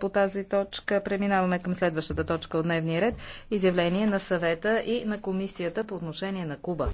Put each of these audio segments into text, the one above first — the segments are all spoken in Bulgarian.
по тази точка. Преминаваме към следващата точка от дневния ред. Изявление на съвета и на комисията по отношение на Куба.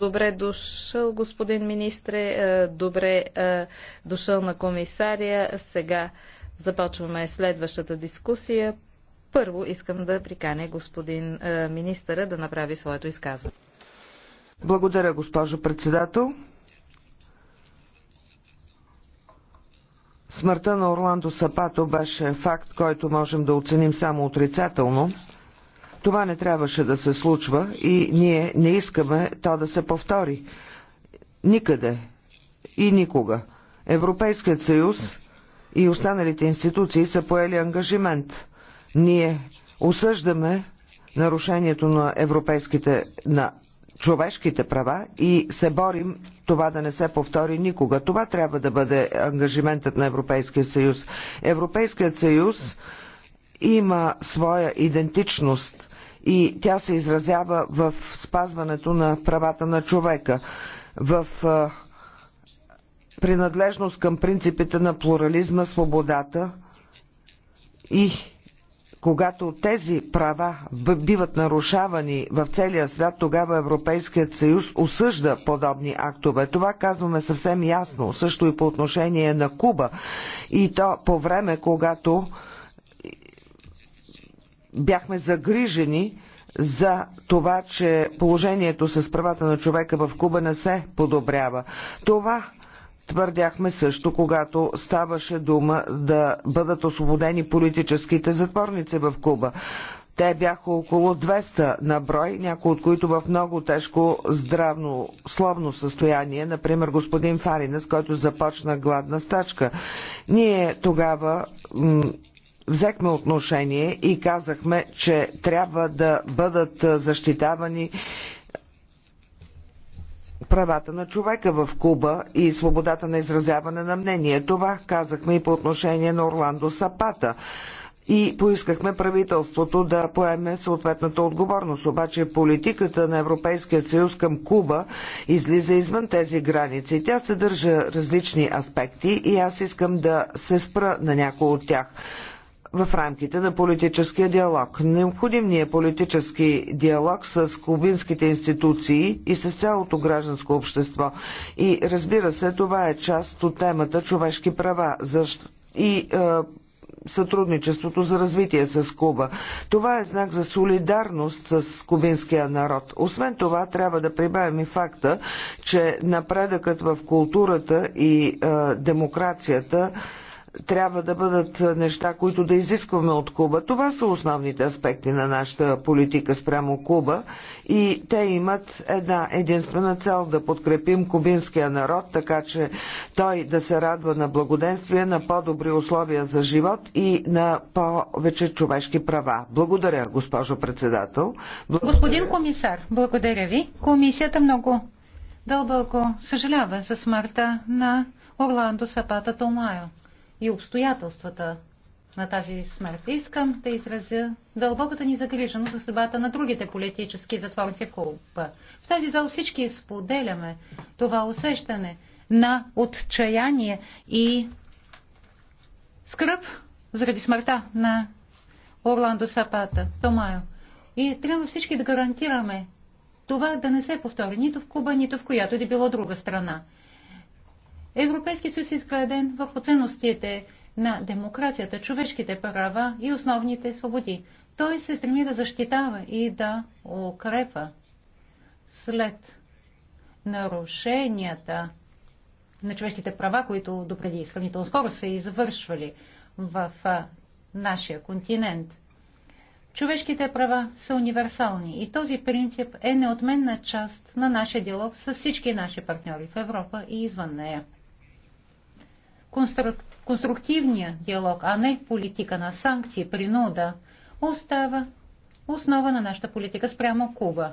Добре дошъл, господин министре. Е, добре е, дошъл на комисария. Сега започваме следващата дискусия. Първо искам да приканя господин е, министъра да направи своето изказване. Благодаря, госпожо председател. Смъртта на Орландо Сапато беше факт, който можем да оценим само отрицателно – това не трябваше да се случва и ние не искаме то да се повтори. Никъде и никога. Европейският съюз и останалите институции са поели ангажимент. Ние осъждаме нарушението на европейските, на човешките права и се борим това да не се повтори никога. Това трябва да бъде ангажиментът на Европейския съюз. Европейският съюз има своя идентичност и тя се изразява в спазването на правата на човека, в принадлежност към принципите на плурализма, свободата и когато тези права биват нарушавани в целия свят, тогава Европейският съюз осъжда подобни актове. Това казваме съвсем ясно, също и по отношение на Куба. И то по време, когато бяхме загрижени за това, че положението с правата на човека в Куба не се подобрява. Това твърдяхме също, когато ставаше дума да бъдат освободени политическите затворници в Куба. Те бяха около 200 на брой, някои от които в много тежко здравно словно състояние, например господин Фаринес, който започна гладна стачка. Ние тогава взехме отношение и казахме, че трябва да бъдат защитавани правата на човека в Куба и свободата на изразяване на мнение. Това казахме и по отношение на Орландо Сапата и поискахме правителството да поеме съответната отговорност. Обаче политиката на Европейския съюз към Куба излиза извън тези граници. Тя съдържа различни аспекти и аз искам да се спра на някои от тях в рамките на политическия диалог. Необходим ни е политически диалог с кубинските институции и с цялото гражданско общество. И разбира се, това е част от темата човешки права. Защо? И е, сътрудничеството за развитие с Куба. Това е знак за солидарност с кубинския народ. Освен това, трябва да прибавим и факта, че напредъкът в културата и е, демокрацията трябва да бъдат неща, които да изискваме от Куба. Това са основните аспекти на нашата политика спрямо Куба и те имат една единствена цел да подкрепим кубинския народ, така че той да се радва на благоденствие, на по-добри условия за живот и на повече човешки права. Благодаря, госпожо председател. Благодаря. Господин комисар, благодаря ви. Комисията много дълбоко съжалява за смъртта на Орландо Сапата Томайо и обстоятелствата на тази смърт. Искам да изразя дълбоката ни загриженост за съдбата на другите политически затворници в Куба. В тази зал всички споделяме това усещане на отчаяние и скръп заради смъртта на Орландо Сапата, Томайо. И трябва всички да гарантираме това да не се повтори нито в Куба, нито в която да било друга страна. Европейският съюз е изграден върху ценностите на демокрацията, човешките права и основните свободи. Той се стреми да защитава и да укрепва след нарушенията на човешките права, които допреди сравнително скоро са извършвали в нашия континент. Човешките права са универсални и този принцип е неотменна част на нашия диалог с всички наши партньори в Европа и извън нея конструктивния диалог, а не политика на санкции, принуда, остава основа на нашата политика спрямо Куба.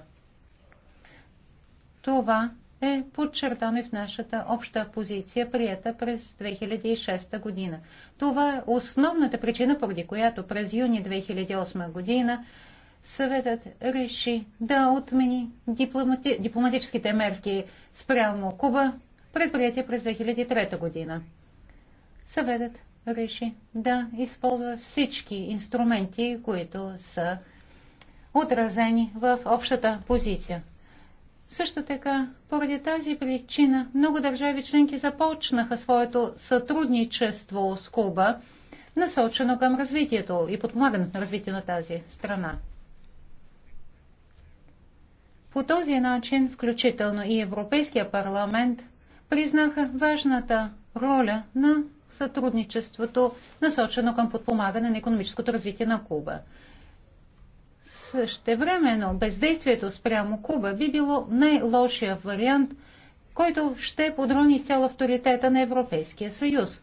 Това е подчертано и в нашата обща позиция, прията през 2006 година. Това е основната причина, поради която през юни 2008 година съветът реши да отмени дипломати... дипломатическите мерки спрямо Куба, предприятия през 2003 година съветът реши да използва всички инструменти, които са отразени в общата позиция. Също така, поради тази причина, много държави членки започнаха своето сътрудничество с Куба, насочено към развитието и подпомагането на развитие на тази страна. По този начин, включително и Европейския парламент, признаха важната роля на сътрудничеството, насочено към подпомагане на економическото развитие на Куба. Същевременно бездействието спрямо Куба би било най-лошия вариант, който ще подрони изцяло авторитета на Европейския съюз.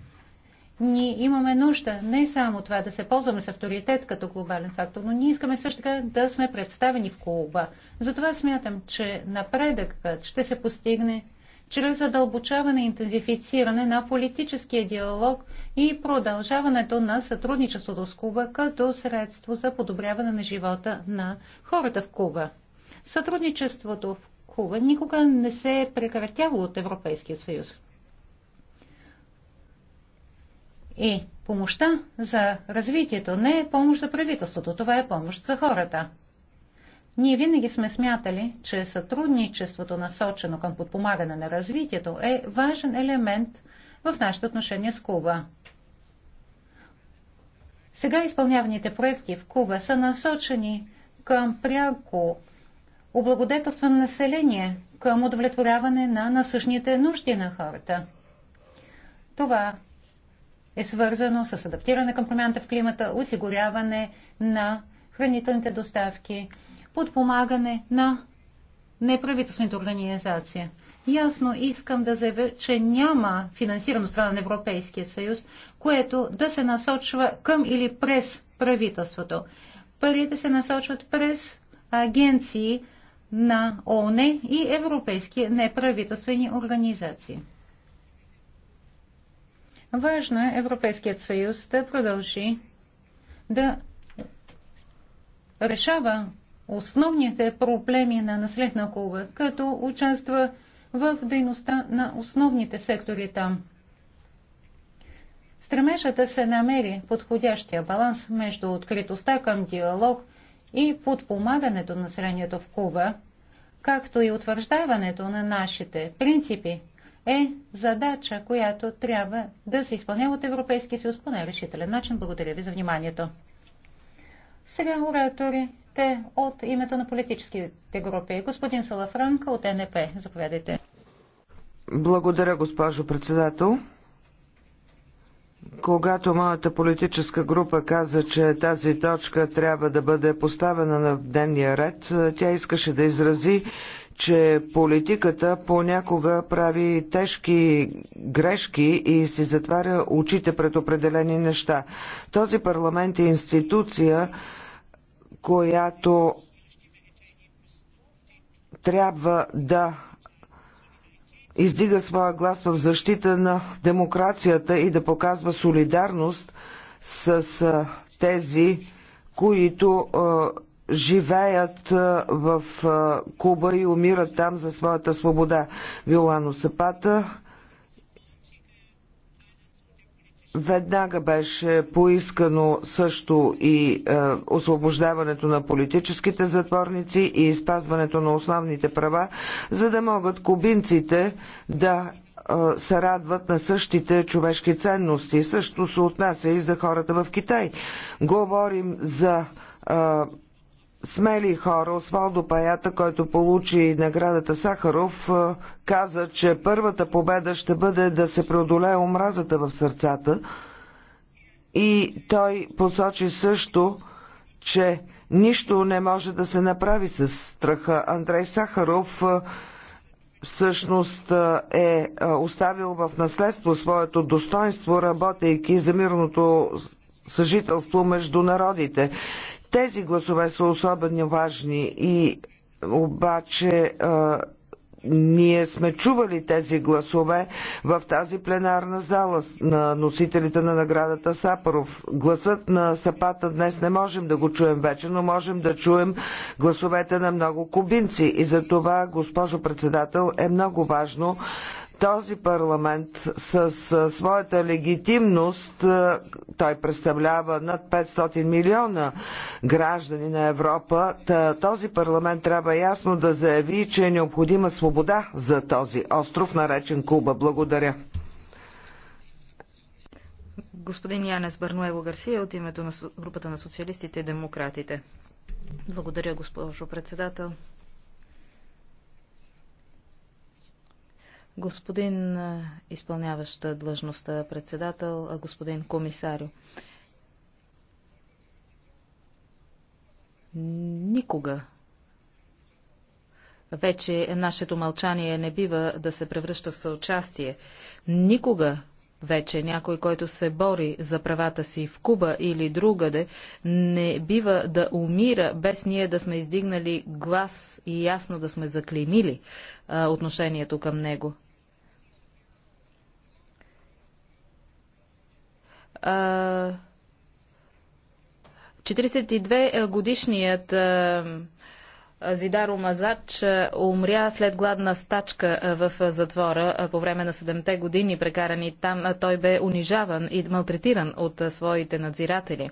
Ние имаме нужда не само това да се ползваме с авторитет като глобален фактор, но ние искаме също така да сме представени в Куба. Затова смятам, че напредъкът ще се постигне чрез задълбочаване и интензифициране на политическия диалог и продължаването на сътрудничеството с Куба като средство за подобряване на живота на хората в Куба. Сътрудничеството в Куба никога не се е прекратявало от Европейския съюз. И помощта за развитието не е помощ за правителството, това е помощ за хората. Ние винаги сме смятали, че сътрудничеството, насочено към подпомагане на развитието, е важен елемент в нашите отношения с Куба. Сега изпълняваните проекти в Куба са насочени към пряко облагодетелство на население, към удовлетворяване на насъщните нужди на хората. Това е свързано с адаптиране към промяната в климата, осигуряване на хранителните доставки, подпомагане на неправителствените организации. Ясно искам да заявя, че няма финансирано страна на Европейския съюз, което да се насочва към или през правителството. Парите се насочват през агенции на ООН и европейски неправителствени организации. Важно е Европейският съюз да продължи да решава основните проблеми на наследна на Куба, като участва в дейността на основните сектори там. Стремежа да се намери подходящия баланс между откритостта към диалог и подпомагането на населението в Куба, както и утвърждаването на нашите принципи, е задача, която трябва да се изпълнява от Европейския съюз по най-решителен начин. Благодаря ви за вниманието. Сега ораторите от името на политическите групи. Господин Салафранка от НП, заповядайте. Благодаря, госпожо председател. Когато моята политическа група каза, че тази точка трябва да бъде поставена на дневния ред, тя искаше да изрази, че политиката понякога прави тежки грешки и си затваря очите пред определени неща. Този парламент е институция, която трябва да издига своя глас в защита на демокрацията и да показва солидарност с тези, които живеят в Куба и умират там за своята свобода. Виолано Сапата Веднага беше поискано също и е, освобождаването на политическите затворници и спазването на основните права, за да могат кубинците да е, се радват на същите човешки ценности. Също се отнася и за хората в Китай. Говорим за е, смели хора, Освалдо Паята, който получи наградата Сахаров, каза, че първата победа ще бъде да се преодолее омразата в сърцата. И той посочи също, че нищо не може да се направи с страха. Андрей Сахаров всъщност е оставил в наследство своето достоинство, работейки за мирното съжителство между народите. Тези гласове са особено важни и обаче ние сме чували тези гласове в тази пленарна зала на носителите на наградата Сапаров. Гласът на Сапата днес не можем да го чуем вече, но можем да чуем гласовете на много кубинци. И за това, госпожо председател, е много важно този парламент с своята легитимност, е, той представлява над 500 милиона граждани на Европа, този парламент трябва ясно да заяви, че е необходима свобода за този остров, наречен Куба. Благодаря. Господин Янес Барнуево Гарсия от името на групата на социалистите и демократите. Благодаря, госпожо председател. господин изпълняваща длъжността председател, господин комисарио. Никога вече нашето мълчание не бива да се превръща в съучастие. Никога вече някой, който се бори за правата си в Куба или другаде, не бива да умира без ние да сме издигнали глас и ясно да сме заклеймили отношението към него. 42 е, годишният Зидаро Мазач умря след гладна стачка в затвора по време на 7-те години прекарани там. Той бе унижаван и малтретиран от своите надзиратели.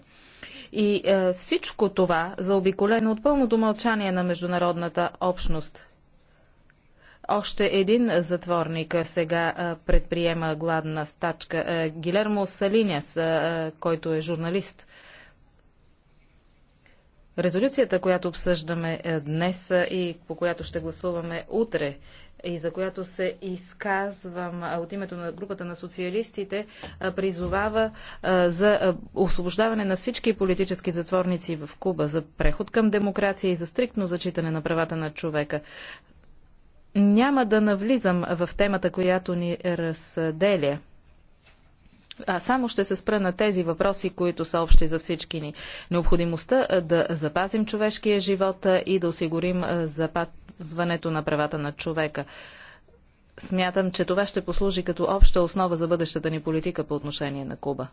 И всичко това заобиколено от пълното мълчание на международната общност. Още един затворник сега предприема гладна стачка. Гилермо Салиняс, който е журналист. Резолюцията, която обсъждаме днес и по която ще гласуваме утре, и за която се изказвам от името на групата на социалистите, призовава за освобождаване на всички политически затворници в Куба, за преход към демокрация и за стриктно зачитане на правата на човека. Няма да навлизам в темата, която ни разделя. А само ще се спра на тези въпроси, които са общи за всички ни. Необходимостта да запазим човешкия живот и да осигурим запазването на правата на човека. Смятам, че това ще послужи като обща основа за бъдещата ни политика по отношение на Куба.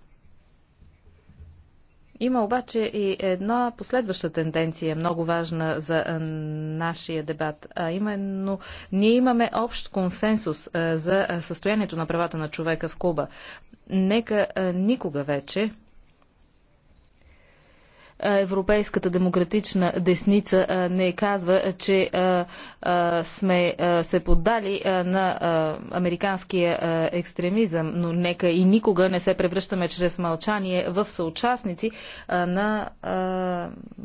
Има обаче и една последваща тенденция, много важна за нашия дебат, а именно ние имаме общ консенсус за състоянието на правата на човека в Куба. Нека никога вече европейската демократична десница не казва, че сме се поддали на американския екстремизъм, но нека и никога не се превръщаме чрез мълчание в съучастници на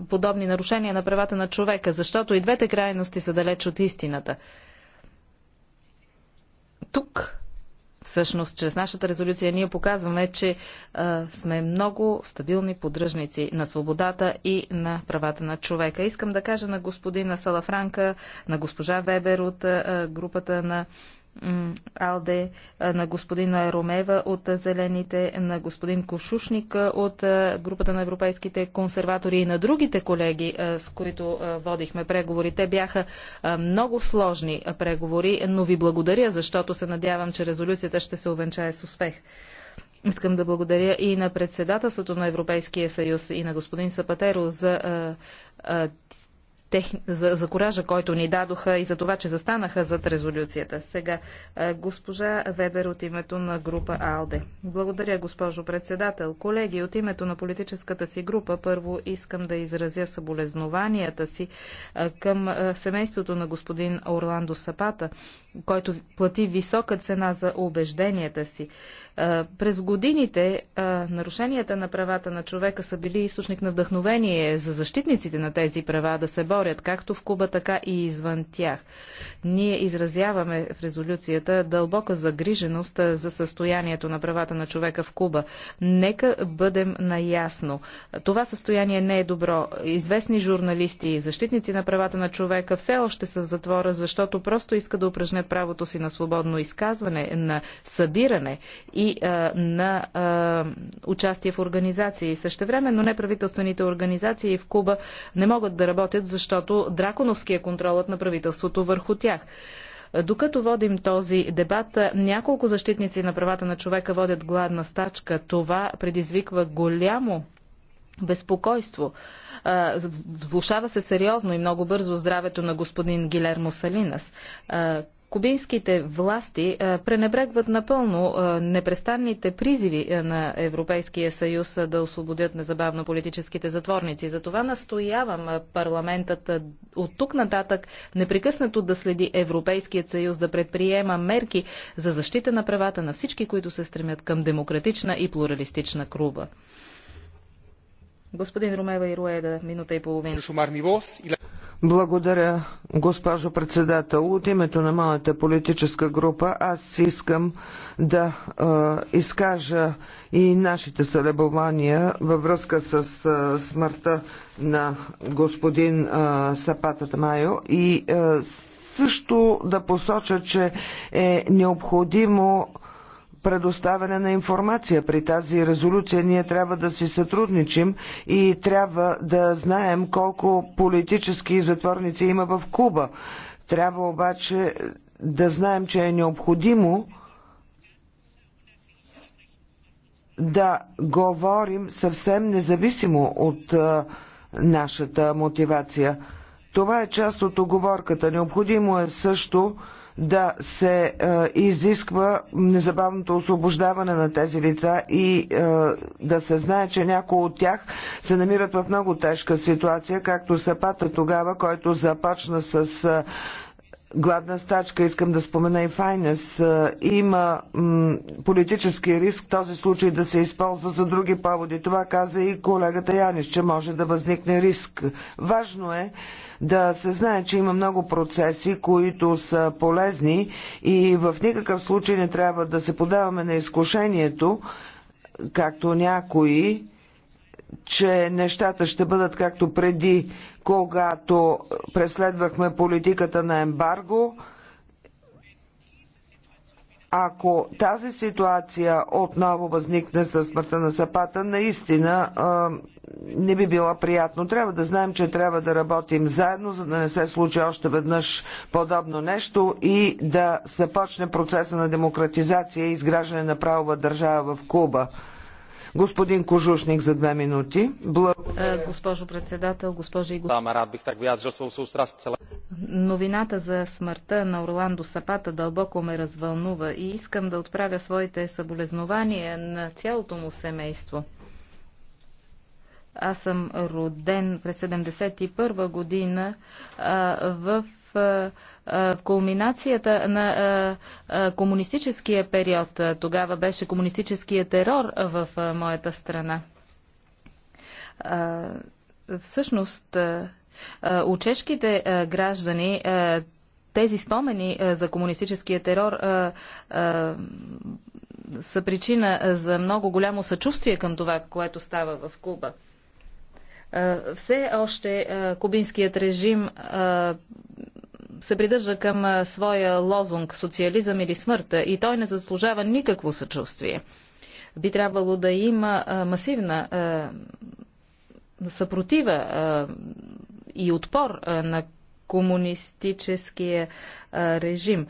подобни нарушения на правата на човека, защото и двете крайности са далеч от истината. Тук Всъщност, чрез нашата резолюция ние показваме, че а, сме много стабилни поддръжници на свободата и на правата на човека. Искам да кажа на господина Салафранка, на госпожа Вебер от а, групата на Алде на господин Ромева от Зелените, на господин Кошушник от групата на европейските консерватори и на другите колеги, с които водихме преговори. Те бяха много сложни преговори, но ви благодаря, защото се надявам, че резолюцията ще се увенчае с успех. Искам да благодаря и на председателството на Европейския съюз и на господин Сапатеро за тех... за, за коража, който ни дадоха и за това, че застанаха зад резолюцията. Сега госпожа Вебер от името на група АЛДЕ. Благодаря, госпожо председател. Колеги, от името на политическата си група първо искам да изразя съболезнованията си към семейството на господин Орландо Сапата, който плати висока цена за убежденията си. През годините нарушенията на правата на човека са били източник на вдъхновение за защитниците на тези права да се борят както в Куба, така и извън тях. Ние изразяваме в резолюцията дълбока загриженост за състоянието на правата на човека в Куба. Нека бъдем наясно. Това състояние не е добро. Известни журналисти и защитници на правата на човека все още са в затвора, защото просто иска да упражнят правото си на свободно изказване, на събиране и а, на а, участие в организации. Същевременно неправителствените организации в Куба не могат да работят, защото драконовския контролът е на правителството върху тях. Докато водим този дебат, няколко защитници на правата на човека водят гладна стачка. Това предизвиква голямо безпокойство. Влушава се сериозно и много бързо здравето на господин Гилермо Салинас. Кубинските власти пренебрегват напълно непрестанните призиви на Европейския съюз да освободят незабавно политическите затворници. Затова настоявам парламентът от тук нататък непрекъснато да следи Европейският съюз да предприема мерки за защита на правата на всички, които се стремят към демократична и плуралистична Круба. Господин Ромева и минута и половина. Благодаря, госпожо председател. От името на моята политическа група аз искам да е, изкажа и нашите сълебования във връзка с е, смъртта на господин е, Сапата Майо, и е, също да посоча, че е необходимо предоставяне на информация. При тази резолюция ние трябва да си сътрудничим и трябва да знаем колко политически затворници има в Куба. Трябва обаче да знаем, че е необходимо да говорим съвсем независимо от нашата мотивация. Това е част от оговорката. Необходимо е също да се е, изисква незабавното освобождаване на тези лица и е, да се знае, че някои от тях се намират в много тежка ситуация, както Сапата тогава, който започна с е, гладна стачка, искам да спомена и Файнес, има политически риск този случай да се използва за други поводи. Това каза и колегата Яниш, че може да възникне риск. Важно е да се знае, че има много процеси, които са полезни и в никакъв случай не трябва да се подаваме на изкушението, както някои че нещата ще бъдат както преди, когато преследвахме политиката на ембарго. Ако тази ситуация отново възникне със смъртта на сапата, наистина не би била приятно. Трябва да знаем, че трябва да работим заедно, за да не се случи още веднъж подобно нещо и да започне процеса на демократизация и изграждане на правова държава в Куба. Господин Кожушник за две минути. Е, госпожо председател, госпожи и господа. Новината за смъртта на Орландо Сапата дълбоко ме развълнува и искам да отправя своите съболезнования на цялото му семейство. Аз съм роден през 71 година а, в а, в кулминацията на комунистическия период. Тогава беше комунистическия терор в моята страна. Всъщност, у чешките граждани тези спомени за комунистическия терор са причина за много голямо съчувствие към това, което става в Куба. все още кубинският режим се придържа към своя лозунг социализъм или смърт и той не заслужава никакво съчувствие. Би трябвало да има масивна съпротива и отпор на комунистическия режим.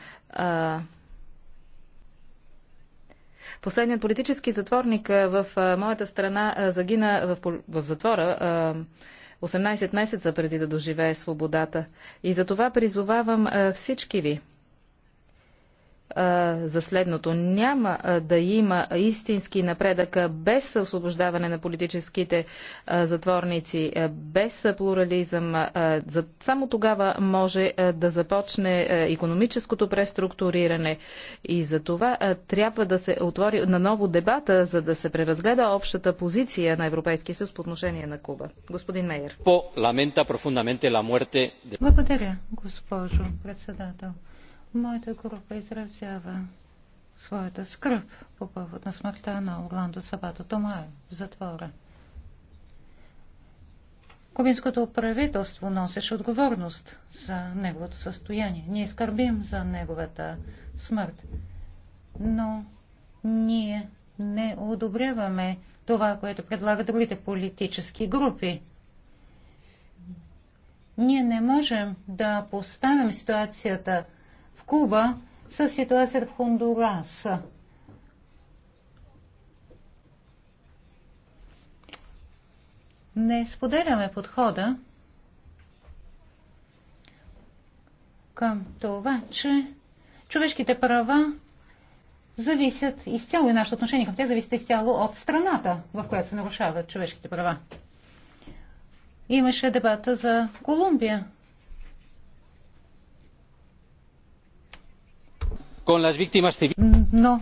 Последният политически затворник в моята страна загина в затвора 18 месеца преди да доживее свободата. И за това призовавам всички ви за следното. Няма да има истински напредък без освобождаване на политическите затворници, без плурализъм. Само тогава може да започне економическото преструктуриране и за това трябва да се отвори на ново дебата, за да се преразгледа общата позиция на Европейския съюз по отношение на Куба. Господин Мейер. Благодаря, госпожо председател. Моята група изразява своята скръп по повод на смъртта на Орландо Сабато Томай в затвора. Кубинското правителство носеше отговорност за неговото състояние. Ние скърбим за неговата смърт. Но ние не одобряваме това, което предлагат другите политически групи. Ние не можем да поставим ситуацията Куба с ситуацията в Хондурас. Не споделяме подхода към това, че човешките права зависят изцяло и нашето отношение към тях зависят изцяло от страната, в която се нарушават човешките права. Имаше дебата за Колумбия. Но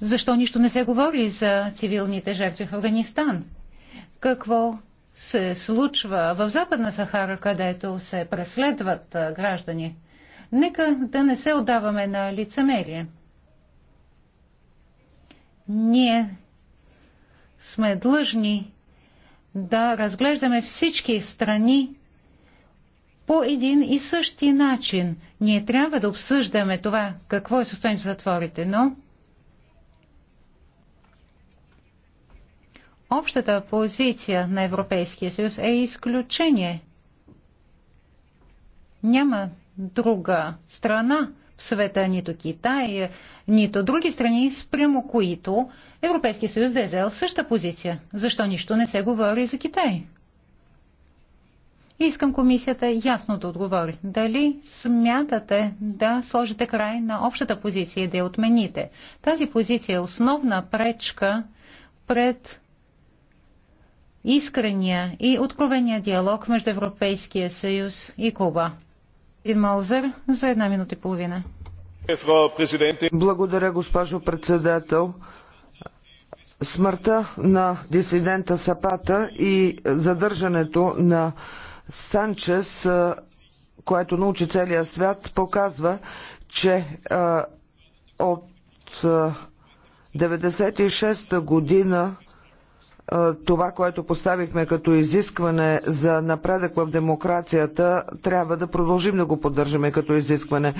защо нищо не се говори за цивилните жертви в Афганистан? Какво се случва в Западна Сахара, където се преследват граждани? Нека да не се отдаваме на лицемерие. Ние сме длъжни да разглеждаме всички страни по един и същи начин. Ние трябва да обсъждаме това, какво е състоянието в затворите, но общата позиция на Европейския съюз е изключение. Няма друга страна в света, нито Китай, нито други страни, спрямо които Европейския съюз да е взел същата позиция. Защо нищо не се говори за Китай? Искам комисията ясно да отговори. Дали смятате да сложите край на общата позиция и да я отмените? Тази позиция е основна пречка пред искрения и откровения диалог между Европейския съюз и Куба. Един Малзър за една минута и половина. Благодаря, госпожо председател. Смъртта на дисидента Сапата и задържането на Санчес, което научи целия свят, показва, че от 96-та година това, което поставихме като изискване за напредък в демокрацията, трябва да продължим да го поддържаме като изискване.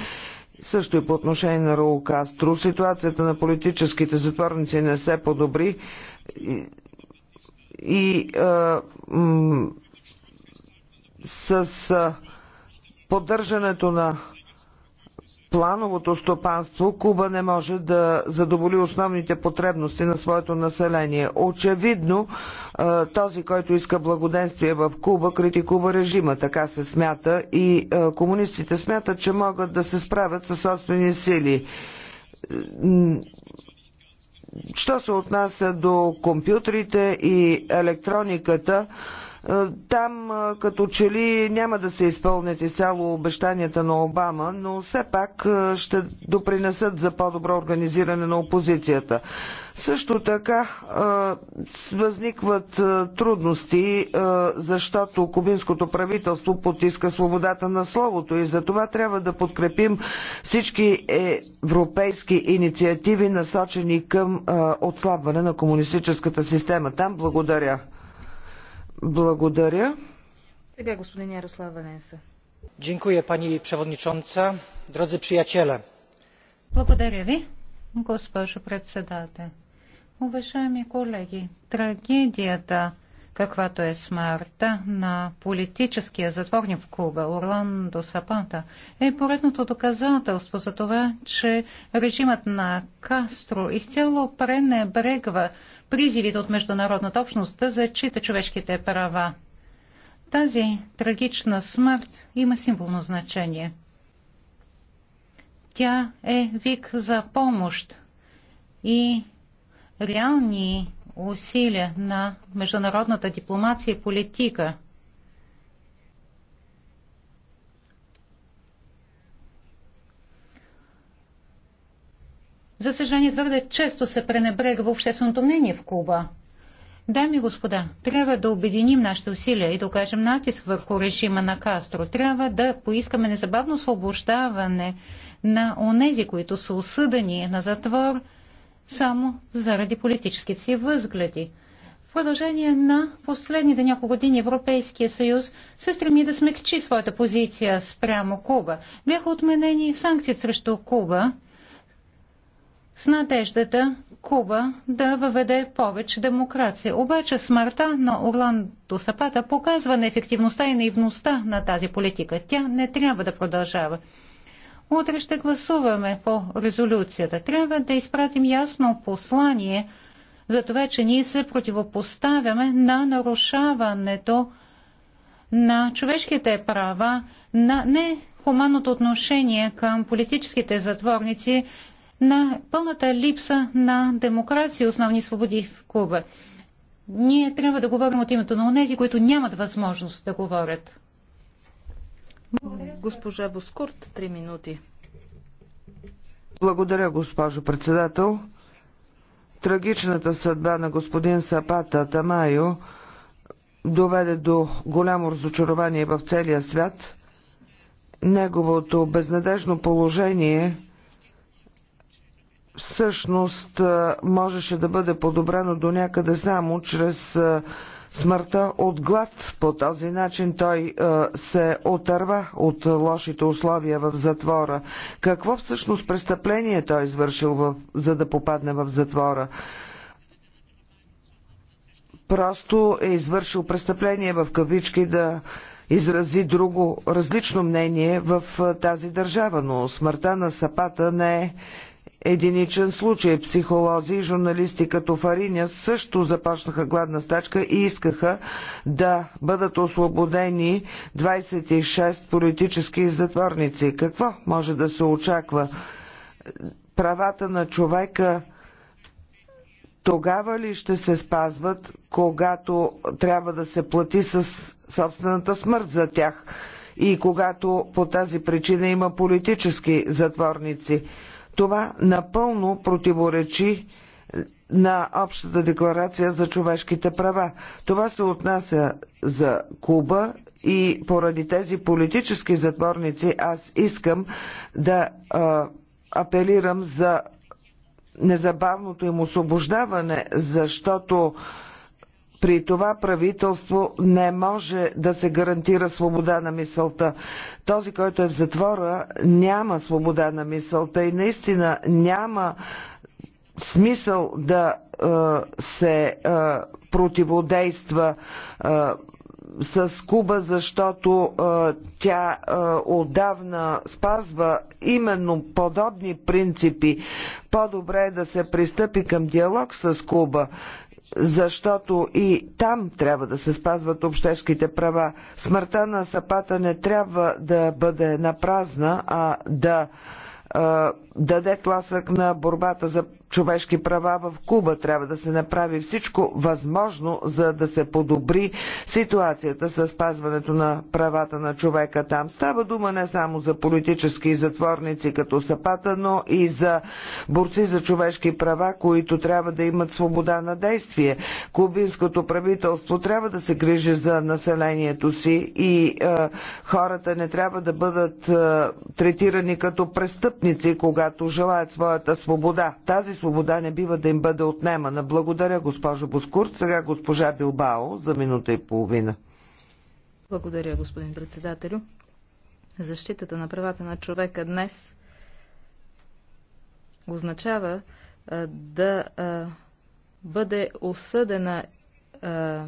Също и по отношение на Раул Кастро. Ситуацията на политическите затворници не се подобри и, и а, с поддържането на плановото стопанство Куба не може да задоволи основните потребности на своето население. Очевидно, този, който иска благоденствие в Куба, критикува режима, така се смята и комунистите смятат, че могат да се справят със собствени сили. Що се отнася до компютрите и електрониката, е, там е, като че ли няма да се изпълнят изцяло обещанията на Обама, но все пак е, ще допринесат за по-добро организиране на опозицията. Също така възникват трудности, защото кубинското правителство потиска свободата на словото и за това трябва да подкрепим всички европейски инициативи, насочени към отслабване на комунистическата система. Там благодаря. Благодаря. Сега господин Ярослав Валенса. Dziękuję pani przewodnicząca. Drodzy przyjaciele. Благодаря ви, госпожо председател. Уважаеми колеги, трагедията, каквато е смъртта на политическия затворник в Куба Орландо Сапата, е поредното доказателство за това, че режимът на Кастро изцяло пренебрегва призивите от международната общност да зачита човешките права. Тази трагична смърт има символно значение. Тя е вик за помощ и реални усилия на международната дипломация и политика – За съжаление, твърде често се пренебрегва общественото мнение в Куба. Дами и господа, трябва да обединим нашите усилия и да окажем натиск върху режима на Кастро. Трябва да поискаме незабавно освобождаване на онези, които са осъдани на затвор само заради политическите си възгледи. В продължение на последните няколко години Европейския съюз се стреми да смекчи своята позиция спрямо Куба. Бяха отменени санкции срещу Куба с надеждата Куба да въведе повече демокрация. Обаче смъртта на Орландо Сапата показва неефективността и наивността на тази политика. Тя не трябва да продължава. Утре ще гласуваме по резолюцията. Трябва да изпратим ясно послание за това, че ние се противопоставяме на нарушаването на човешките права, на нехуманното отношение към политическите затворници, на пълната липса на демокрация и основни свободи в Куба. Ние трябва да говорим от името на онези, които нямат възможност да говорят. Госпожа Боскурт, три минути. Благодаря, госпожо председател. Трагичната съдба на господин Сапата Тамайо доведе до голямо разочарование в целия свят. Неговото безнадежно положение – всъщност можеше да бъде подобрено до някъде само чрез смъртта от глад. По този начин той се отърва от лошите условия в затвора. Какво всъщност престъпление е той е извършил, в, за да попадне в затвора? Просто е извършил престъпление в кавички да изрази друго различно мнение в тази държава, но смъртта на Сапата не е единичен случай. Психолози и журналисти като Фариня също започнаха гладна стачка и искаха да бъдат освободени 26 политически затворници. Какво може да се очаква? Правата на човека тогава ли ще се спазват, когато трябва да се плати с собствената смърт за тях и когато по тази причина има политически затворници? Това напълно противоречи на Общата декларация за човешките права. Това се отнася за Куба и поради тези политически затворници аз искам да а, апелирам за незабавното им освобождаване, защото при това правителство не може да се гарантира свобода на мисълта. Този, който е в затвора, няма свобода на мисълта и наистина няма смисъл да е, се е, противодейства е, с Куба, защото е, тя е, отдавна спазва именно подобни принципи. По-добре е да се пристъпи към диалог с Куба защото и там трябва да се спазват общешките права. Смъртта на сапата не трябва да бъде на празна, а да даде тласък на борбата за човешки права в Куба. Трябва да се направи всичко възможно, за да се подобри ситуацията с спазването на правата на човека там. Става дума не само за политически затворници като Сапата, но и за борци за човешки права, които трябва да имат свобода на действие. Кубинското правителство трябва да се грижи за населението си и е, хората не трябва да бъдат е, третирани като престъпници, когато когато желаят своята свобода. Тази свобода не бива да им бъде отнемана. Благодаря, госпожо Боскурт. Сега госпожа Билбао за минута и половина. Благодаря, господин председателю. Защитата на правата на човека днес означава а, да а, бъде осъдена а,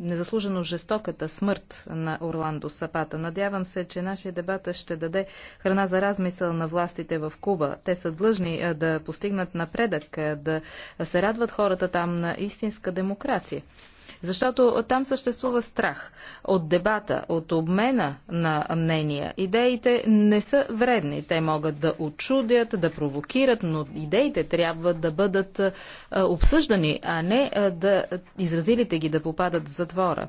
незаслужено жестоката смърт на Орландо Сапата. Надявам се, че нашия дебат ще даде храна за размисъл на властите в Куба. Те са длъжни да постигнат напредък, да се радват хората там на истинска демокрация. Защото там съществува страх от дебата, от обмена на мнения. Идеите не са вредни. Те могат да очудят, да провокират, но идеите трябва да бъдат обсъждани, а не да изразилите ги да попадат в затвора.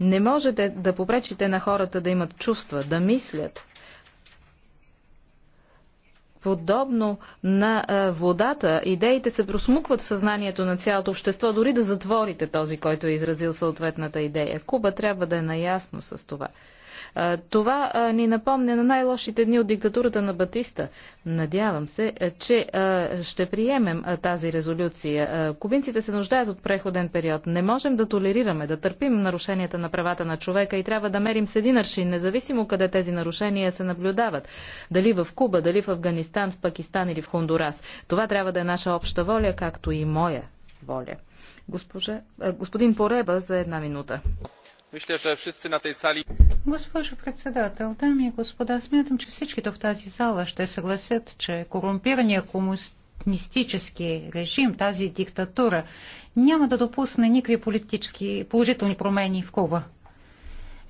Не можете да попречите на хората да имат чувства, да мислят, подобно на водата, идеите се просмукват в съзнанието на цялото общество, дори да затворите този, който е изразил съответната идея. Куба трябва да е наясно с това. Това ни напомня на най-лошите дни от диктатурата на Батиста. Надявам се, че ще приемем тази резолюция. Кубинците се нуждаят от преходен период. Не можем да толерираме, да търпим нарушенията на правата на човека и трябва да мерим с един аршин, независимо къде тези нарушения се наблюдават. Дали в Куба, дали в Афганистан, в Пакистан или в Хондурас. Това трябва да е наша обща воля, както и моя воля. Госпожа, господин Пореба за една минута. Мисля, че всички на тази сали... Госпожо председател, дами и господа, смятам, че всички в тази зала ще съгласят, че корумпирания комунистически режим, тази диктатура, няма да допусне никакви политически положителни промени в Куба.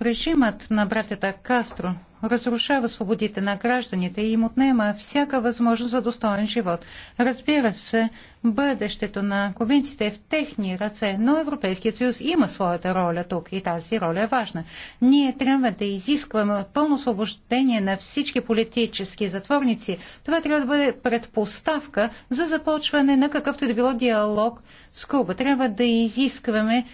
Режимът на братята Кастро разрушава свободите на гражданите и им отнема всяка възможност за достоен живот. Разбира се, бъдещето на кубинците е в техни ръце, но Европейският съюз има своята роля тук и тази роля е важна. Ние трябва да изискваме пълно освобождение на всички политически затворници. Това трябва да бъде предпоставка за започване на какъвто да било диалог с Куба. Трябва да изискваме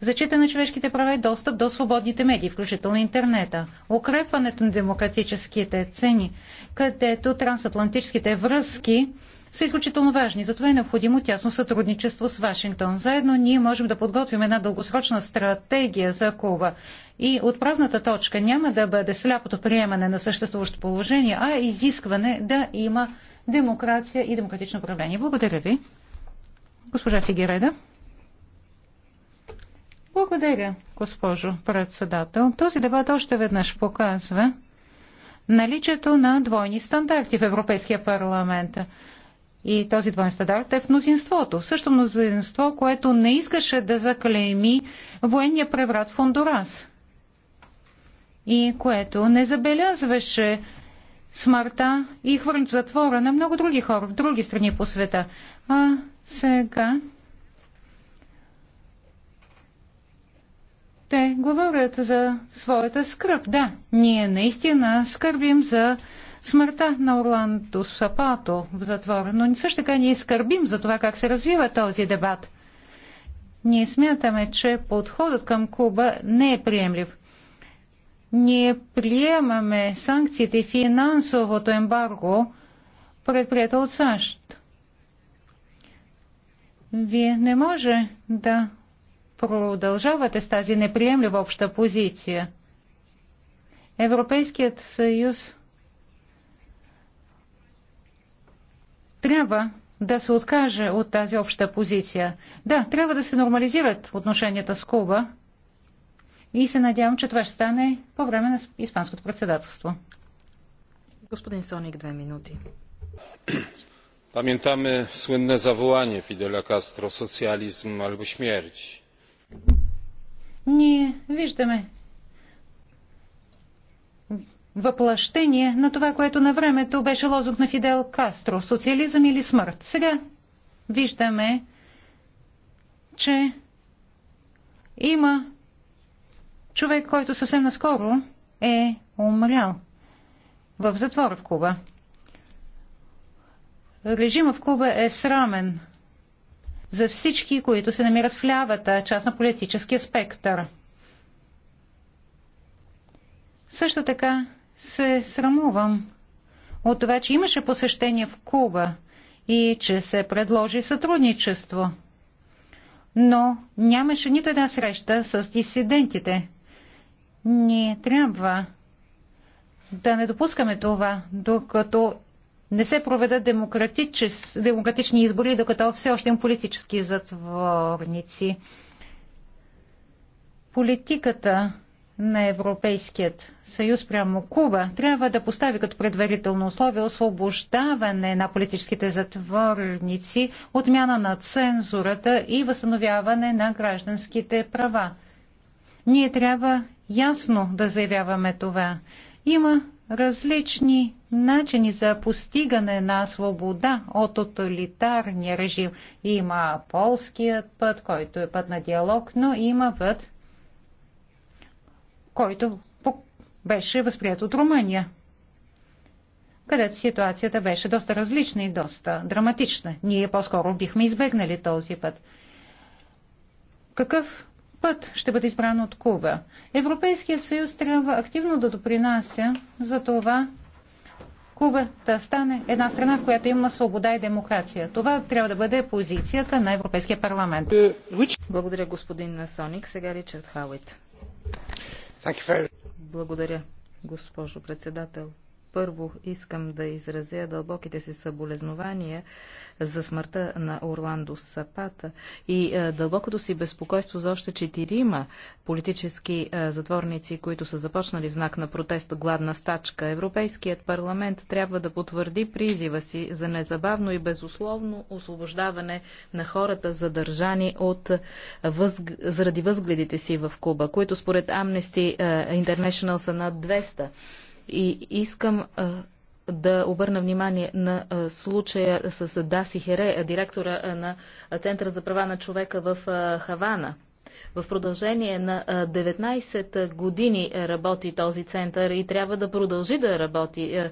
зачита на човешките права и достъп до свободните медии, включително интернета, укрепването на демократическите цени, където трансатлантическите връзки са изключително важни. Затова е необходимо тясно сътрудничество с Вашингтон. Заедно ние можем да подготвим една дългосрочна стратегия за Куба. И отправната точка няма да бъде сляпото приемане на съществуващо положение, а изискване да има демокрация и демократично управление. Благодаря ви. Госпожа Фигереда. Благодаря, госпожо председател. Този дебат още веднъж показва наличието на двойни стандарти в Европейския парламент. И този двойен стандарт е в мнозинството. Също мнозинство, което не искаше да заклейми военния преврат в Хондурас. И което не забелязваше смъртта и хвърлят затвора на много други хора в други страни по света. А сега Те говорят за своята скръп. Да, ние наистина скърбим за смъртта на Орландо Сапато в затвора, но също така ние скърбим за това как се развива този дебат. Ние смятаме, че подходът към Куба не е приемлив. Ние приемаме санкциите и финансовото ембарго, предприятел от САЩ. Вие не може да продължавате с тази неприемлива обща позиция. Европейският съюз трябва да се откаже от тази обща позиция. Да, трябва да се нормализират отношенията с Куба и се надявам, че това ще стане по време на Испанското председателство. Господин Соник, две минути. Pamiętamy слънне zawołanie Фиделя Кастро социализм albo смерть ние виждаме въплъщение на това, което на времето беше лозунг на Фидел Кастро – социализъм или смърт. Сега виждаме, че има човек, който съвсем наскоро е умрял в затвора в Куба. Режима в Куба е срамен за всички, които се намират в лявата част на политическия спектър. Също така се срамувам от това, че имаше посещение в Куба и че се предложи сътрудничество. Но нямаше нито една среща с дисидентите. Ние трябва да не допускаме това, докато не се проведат демократични избори, докато все още има политически затворници. Политиката на Европейският съюз прямо Куба трябва да постави като предварително условие освобождаване на политическите затворници, отмяна на цензурата и възстановяване на гражданските права. Ние трябва ясно да заявяваме това. Има различни начини за постигане на свобода от тоталитарния режим. Има полският път, който е път на диалог, но има път, който беше възприят от Румъния, където ситуацията беше доста различна и доста драматична. Ние по-скоро бихме избегнали този път. Какъв път ще бъде избран от Куба. Европейският съюз трябва активно да допринася за това Куба да стане една страна, в която има свобода и демокрация. Това трябва да бъде позицията на Европейския парламент. Благодаря, господин Соник. Сега Ричард Хауит. Благодаря, госпожо председател. Първо искам да изразя дълбоките си съболезнования за смъртта на Орландо Сапата и е, дълбокото си безпокойство за още четирима политически е, затворници, които са започнали в знак на протест гладна стачка. Европейският парламент трябва да потвърди призива си за незабавно и безусловно освобождаване на хората задържани от възг... заради възгледите си в Куба, които според Amnesty е, International са над 200. И искам да обърна внимание на случая с Даси Хере, директора на Центъра за права на човека в Хавана. В продължение на 19 години работи този център и трябва да продължи да работи.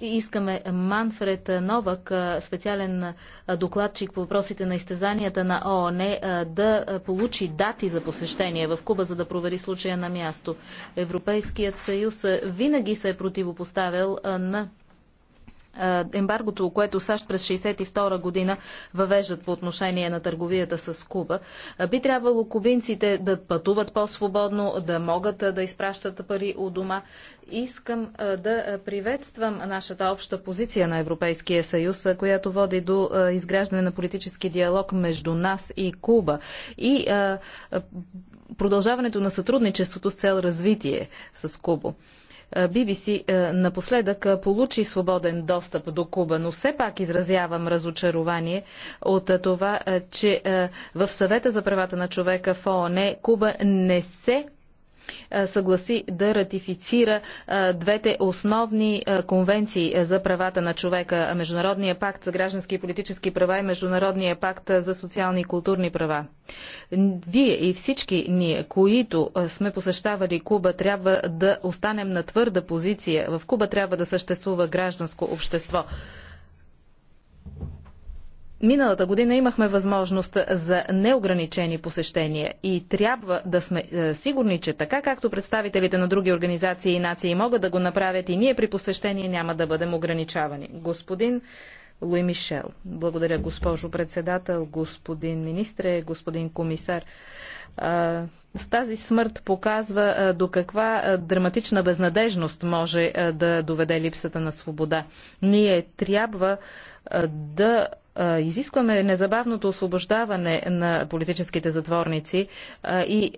Искаме Манфред Новак, специален докладчик по въпросите на изтезанията на ООН, да получи дати за посещение в Куба, за да провери случая на място. Европейският съюз винаги се е противопоставил на е, ембаргото, което САЩ през 1962 година въвеждат по отношение на търговията с Куба. Е, би трябвало кубинците да пътуват по-свободно, да могат е, да изпращат пари у дома. Искам да приветствам нашата обща позиция на Европейския съюз, която води до изграждане на политически диалог между нас и Куба и продължаването на сътрудничеството с цел развитие с Куба. BBC е, е, напоследък е, получи свободен достъп до Куба, но все пак изразявам разочарование от това, че в съвета за правата на човека в ООН Куба не се съгласи да ратифицира двете основни конвенции за правата на човека Международния пакт за граждански и политически права и Международния пакт за социални и културни права. Вие и всички ние, които сме посещавали Куба, трябва да останем на твърда позиция. В Куба трябва да съществува гражданско общество. Миналата година имахме възможност за неограничени посещения и трябва да сме е, сигурни, че така както представителите на други организации и нации могат да го направят и ние при посещение няма да бъдем ограничавани. Господин Луи Мишел. Благодаря, госпожо председател, господин министре, господин комисар. С е, тази смърт показва е, до каква драматична безнадежност може да доведе липсата на свобода. Ние трябва да изискваме незабавното освобождаване на политическите затворници и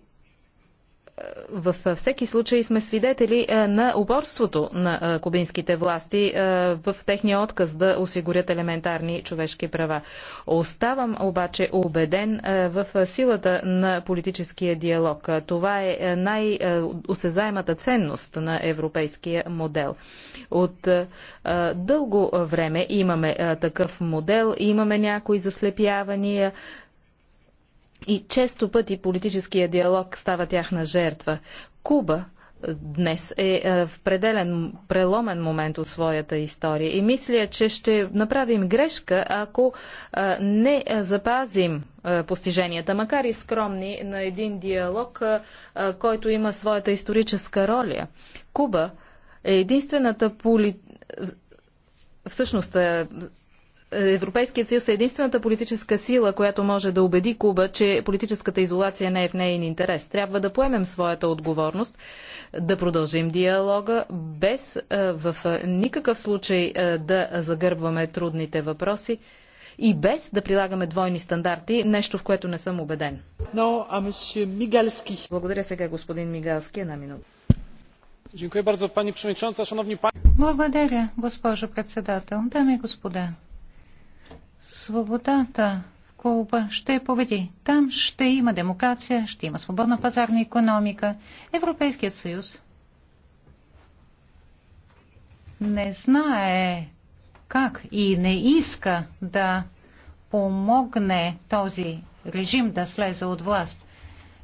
във всеки случай сме свидетели е, на уборството на е, кубинските власти е, в техния отказ да осигурят елементарни човешки права. Оставам обаче убеден в силата на политическия диалог. Това е най-осезаемата ценност на европейския модел. От дълго време имаме такъв модел, имаме някои заслепявания, и често пъти политическия диалог става тяхна жертва. Куба е, днес е, е в пределен, преломен момент от своята история. И мисля, че ще направим грешка, ако е, не запазим постиженията, макар и скромни, на един диалог, който има своята историческа роля. Куба е единствената поли... Всъщност, Европейският съюз е единствената политическа сила, която може да убеди Куба, че политическата изолация не е в нейния интерес. Трябва да поемем своята отговорност, да продължим диалога, без е, в никакъв случай е, да загърбваме трудните въпроси и без да прилагаме двойни стандарти, нещо в което не съм убеден. Но, а Мигалски. Благодаря сега господин Мигалски. Една минута. Благодаря, госпожо председател. Дами и господа, свободата в Куба ще победи. Там ще има демокрация, ще има свободна пазарна економика. Европейският съюз не знае как и не иска да помогне този режим да слезе от власт.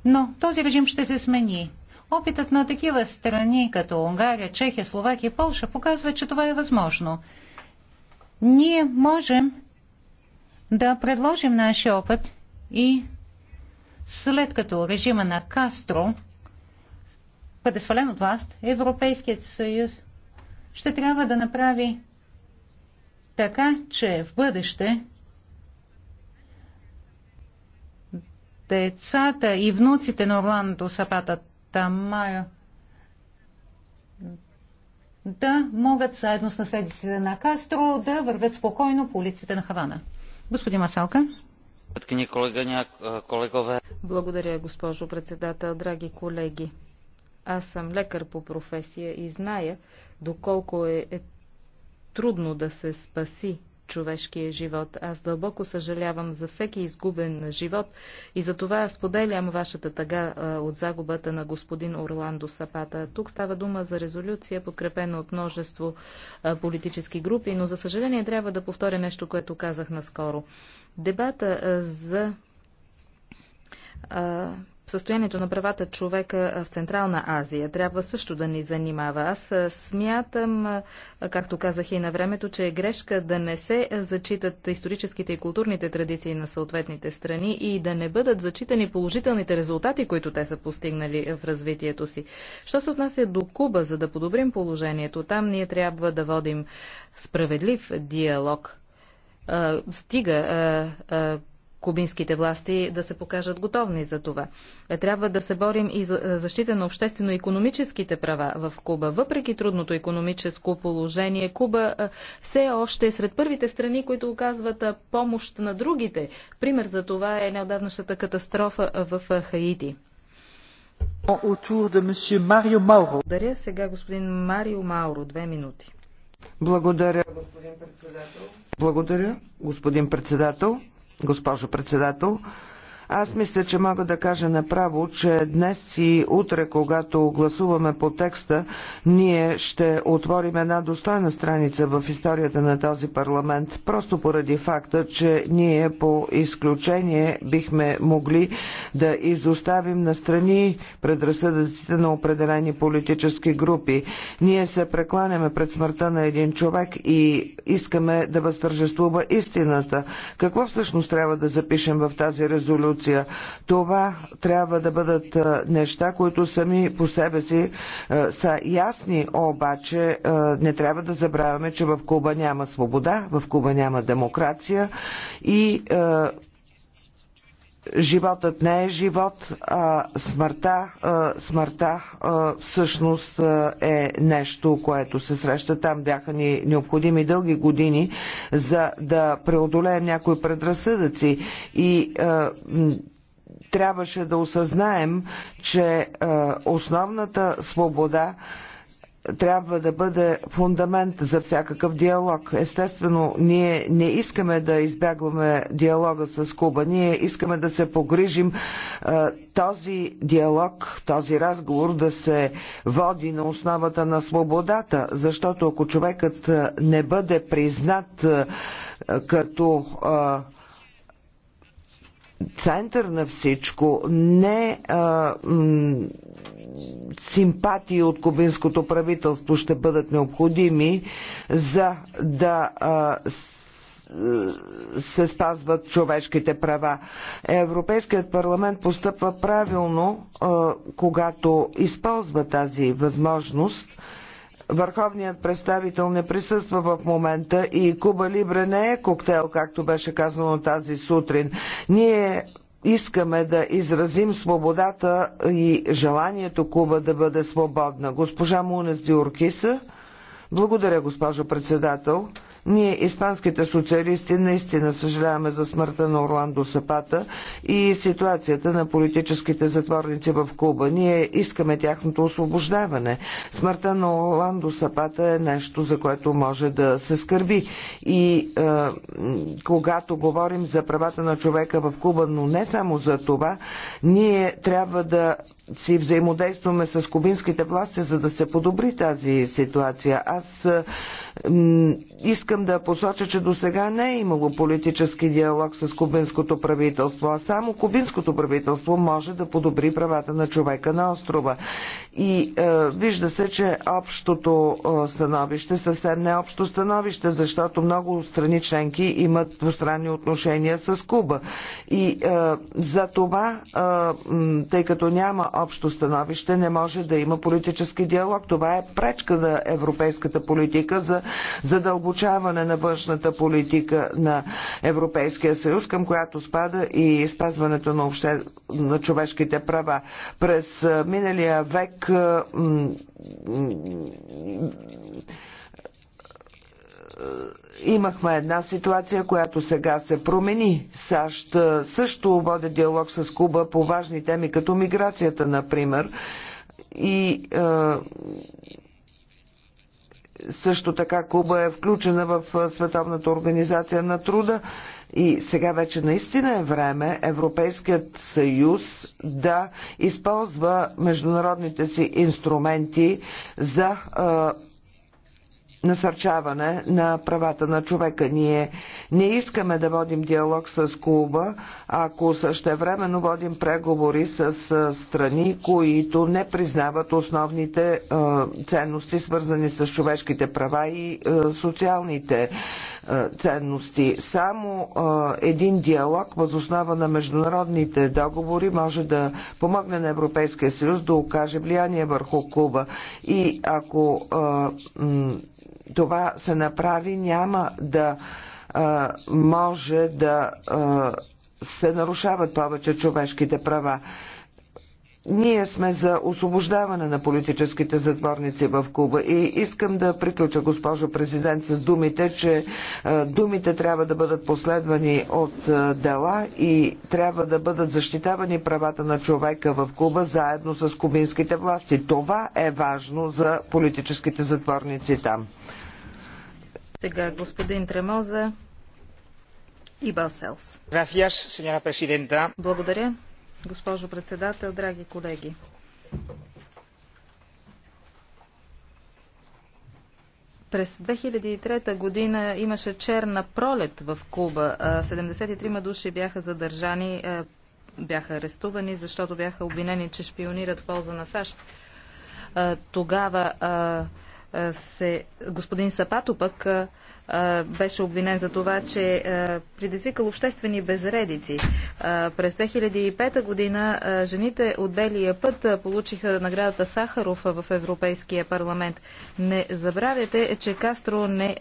Но този режим ще се смени. Опитът на такива страни, като Унгария, Чехия, Словакия и Полша, показва, че това е възможно. Ние можем да предложим нашия опит и след като режима на Кастро бъде свален от власт, Европейският съюз ще трябва да направи така, че в бъдеще децата и внуците на Орландо Сапата Тамайо да могат заедно с наследниците на Кастро да вървят спокойно по улиците на Хавана. Господин Масалка. Благодаря, госпожо председател, драги колеги. Аз съм лекар по професия и зная доколко е, е трудно да се спаси човешкия живот. Аз дълбоко съжалявам за всеки изгубен живот и за това споделям вашата тъга от загубата на господин Орландо Сапата. Тук става дума за резолюция, подкрепена от множество политически групи, но за съжаление трябва да повторя нещо, което казах наскоро. Дебата за състоянието на правата човека в Централна Азия трябва също да ни занимава. Аз смятам, както казах и на времето, че е грешка да не се зачитат историческите и културните традиции на съответните страни и да не бъдат зачитани положителните резултати, които те са постигнали в развитието си. Що се отнася до Куба, за да подобрим положението, там ние трябва да водим справедлив диалог. Стига кубинските власти да се покажат готовни за това. Е, трябва да се борим и за е, защита на обществено-економическите права в Куба. Въпреки трудното економическо положение, Куба е, все още е сред първите страни, които оказват помощ на другите. Пример за това е неодавнашата катастрофа в Хаити. Благодаря сега господин Марио Мауро. Две минути. Благодаря, господин председател. Благодаря, господин председател госпожо председател. Аз мисля, че мога да кажа направо, че днес и утре, когато гласуваме по текста, ние ще отворим една достойна страница в историята на този парламент, просто поради факта, че ние по изключение бихме могли да изоставим настрани предразсъдъците на определени политически групи. Ние се прекланяме пред смъртта на един човек и искаме да възтържествува истината. Какво всъщност трябва да запишем в тази резолюция? институция. Това трябва да бъдат неща, които сами по себе си са ясни, обаче не трябва да забравяме, че в Куба няма свобода, в Куба няма демокрация и животът не е живот, а смъртта, а, смъртта а, всъщност е нещо, което се среща. Там бяха ни необходими дълги години, за да преодолеем някои предразсъдъци и а, трябваше да осъзнаем, че а, основната свобода а, трябва да бъде фундамент за всякакъв диалог. Естествено, ние не искаме да избягваме диалога с Куба. Ние искаме да се погрижим е, този диалог, този разговор да се води на основата на свободата, защото ако човекът е, не бъде признат е, като център на всичко, не а, симпатии от кубинското правителство ще бъдат необходими, за да се спазват човешките права. Европейският парламент постъпва правилно, когато използва тази възможност. Върховният представител не присъства в момента и Куба Либре не е коктейл, както беше казано тази сутрин. Ние искаме да изразим свободата и желанието Куба да бъде свободна. Госпожа Мунес Диоркиса. Благодаря, госпожо председател. Ние, испанските социалисти, наистина съжаляваме за смъртта на Орландо Сапата и ситуацията на политическите затворници в Куба. Ние искаме тяхното освобождаване. Смъртта на Орландо Сапата е нещо, за което може да се скърби. И е, когато говорим за правата на човека в Куба, но не само за това, ние трябва да си взаимодействаме с кубинските власти, за да се подобри тази ситуация. Аз е, Искам да посоча, че до сега не е имало политически диалог с кубинското правителство, а само кубинското правителство може да подобри правата на човека на острова. И е, вижда се, че общото е, становище съвсем не е общо становище, защото много страни членки имат двустранни отношения с Куба. И е, за това, е, тъй като няма общо становище, не може да има политически диалог. Това е пречка на европейската политика за задълбочаване на външната политика на Европейския съюз, към която спада и спазването на, обще... на човешките права. През миналия век имахме една ситуация, която сега се промени. САЩ също води диалог с Куба по важни теми, като миграцията, например. И също така Куба е включена в Световната организация на труда и сега вече наистина е време Европейският съюз да използва международните си инструменти за насърчаване на правата на човека. Ние не искаме да водим диалог с Куба, ако същевременно водим преговори с страни, които не признават основните ценности, свързани с човешките права и социалните ценности. Само един диалог възоснова на международните договори може да помогне на Европейския съюз да окаже влияние върху Куба. И ако това се направи, няма да а, може да а, се нарушават повече човешките права. Ние сме за освобождаване на политическите затворници в Куба и искам да приключа, госпожо президент, с думите, че е, думите трябва да бъдат последвани от е, дела и трябва да бъдат защитавани правата на човека в Куба заедно с кубинските власти. Това е важно за политическите затворници там. Сега господин Тремоза и Балселс. Благодаря, Госпожо председател, драги колеги! През 2003 година имаше черна пролет в Куба. 73 души бяха задържани, бяха арестувани, защото бяха обвинени, че шпионират в полза на САЩ. Тогава се, господин Сапато пък беше обвинен за това, че предизвикал обществени безредици. През 2005 година жените от Белия път получиха наградата Сахаров в Европейския парламент. Не забравяйте, че Кастро не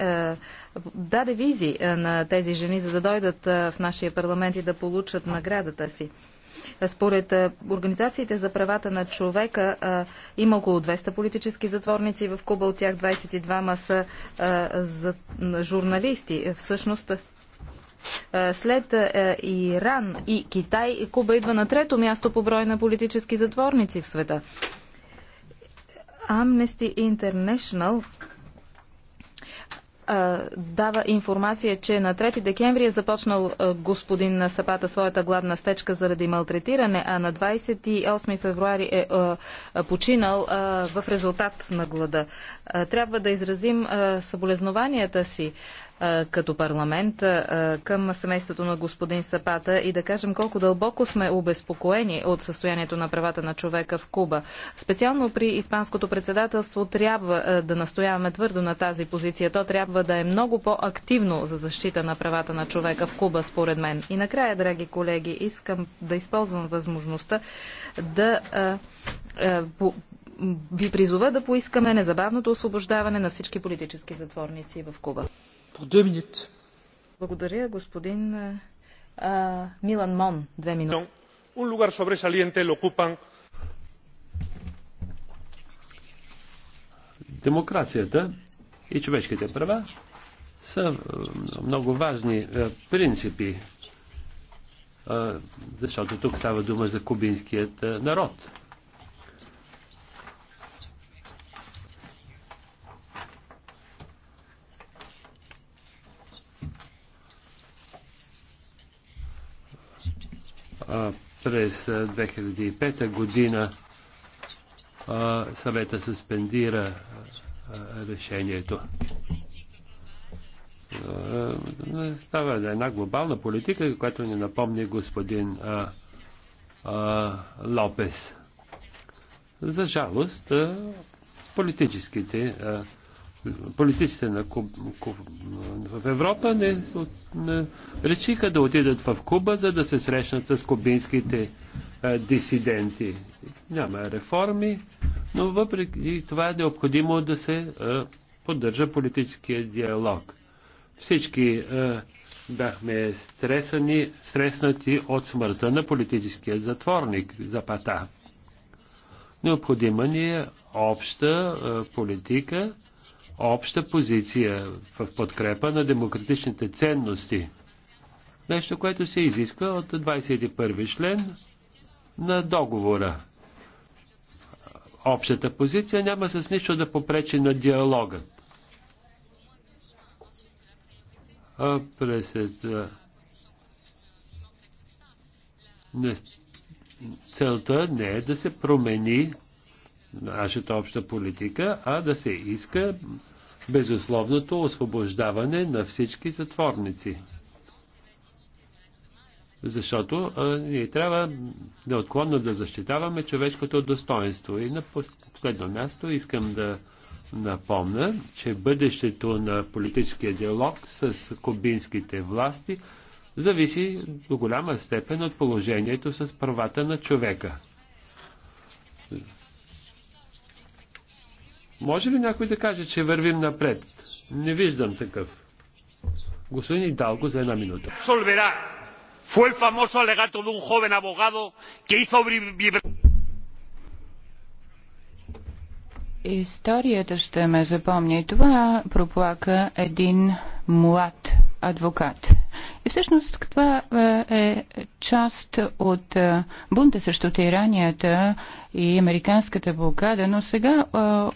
даде визи на тези жени, за да дойдат в нашия парламент и да получат наградата си. Според организациите за правата на човека има около 200 политически затворници в Куба, от тях 22 са журналисти. Всъщност след Иран и Китай, Куба идва на трето място по брой на политически затворници в света. Amnesty International дава информация, че на 3 декември е започнал господин Сапата своята гладна стечка заради малтретиране, а на 28 февруари е починал в резултат на глада. Трябва да изразим съболезнованията си като парламент към семейството на господин Сапата и да кажем колко дълбоко сме обезпокоени от състоянието на правата на човека в Куба. Специално при Испанското председателство трябва да настояваме твърдо на тази позиция. То трябва да е много по-активно за защита на правата на човека в Куба, според мен. И накрая, драги колеги, искам да използвам възможността да ви призова да поискаме незабавното освобождаване на всички политически затворници в Куба. Благодаря, господин Милан Мон. Две минути. Un lugar sobresaliente lo ocupan демокрацията и човешките права са много важни е, принципи, е, защото тук става дума за кубинският е, народ. През 2005 година съвета суспендира решението. Става за една глобална политика, която ни напомни господин а, а, Лопес. За жалост, политическите а, политиците на Куб, Куб, в Европа не, не речиха да отидат в Куба, за да се срещнат с кубинските а, е, дисиденти. Няма реформи, но въпреки това е необходимо да се а, е, поддържа политическия диалог. Всички а, е, бяхме стресани, стреснати от смъртта на политическия затворник за Пата. Необходима ни е обща а, политика, обща позиция в подкрепа на демократичните ценности. Нещо, което се изисква от 21 член на договора. Общата позиция няма с нищо да попречи на диалога. А през е, целта не е да се промени нашата обща политика, а да се иска безусловното освобождаване на всички затворници. Защото а, ние трябва неотклонно да защитаваме човешкото достоинство. И на последно място искам да напомня, че бъдещето на политическия диалог с кубинските власти зависи до голяма степен от положението с правата на човека. Може ли някой да каже, че вървим напред? Не виждам такъв. Господин Идалко за една минута. Солвера. Fue фамосо алегато дун de абогадо, ке изо que Историята ще ме запомни. Това проплака един млад адвокат. И всъщност това е, е част от е, бунта срещу тиранията и американската блокада, но сега е,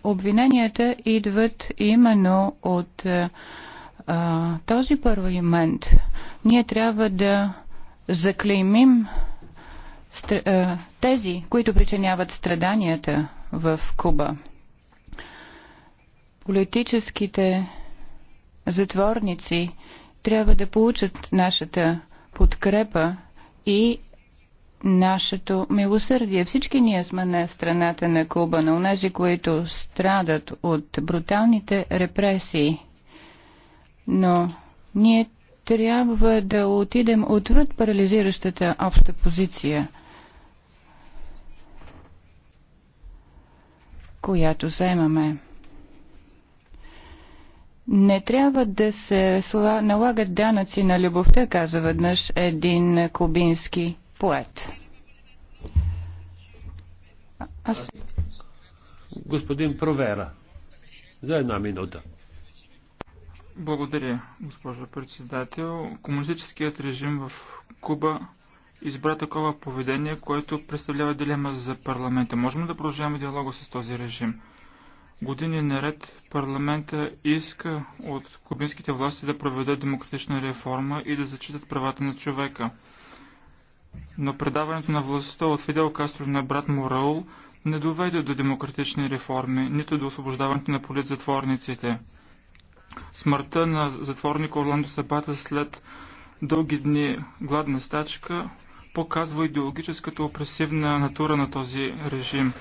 обвиненията идват именно от този парламент. Ние трябва да заклеймим тези, които причиняват страданията в Куба. Политическите затворници трябва да получат нашата подкрепа и нашето милосърдие. Всички ние сме на страната на Куба, на унези, които страдат от бруталните репресии. Но ние трябва да отидем отвъд парализиращата обща позиция, която заемаме. Не трябва да се налагат данъци на любовта, казва веднъж един кубински поет. Аз... Господин Провера, за една минута. Благодаря, госпожо председател. Комунистическият режим в Куба избра такова поведение, което представлява дилема за парламента. Можем да продължаваме диалога с този режим. Години наред парламента иска от кубинските власти да проведат демократична реформа и да зачитат правата на човека. Но предаването на властта от Фидел Кастро на брат му Раул не доведе до демократични реформи, нито до освобождаването на политзатворниците. Смъртта на затворник Орландо Сабата след дълги дни гладна стачка показва идеологическата опресивна натура на този режим.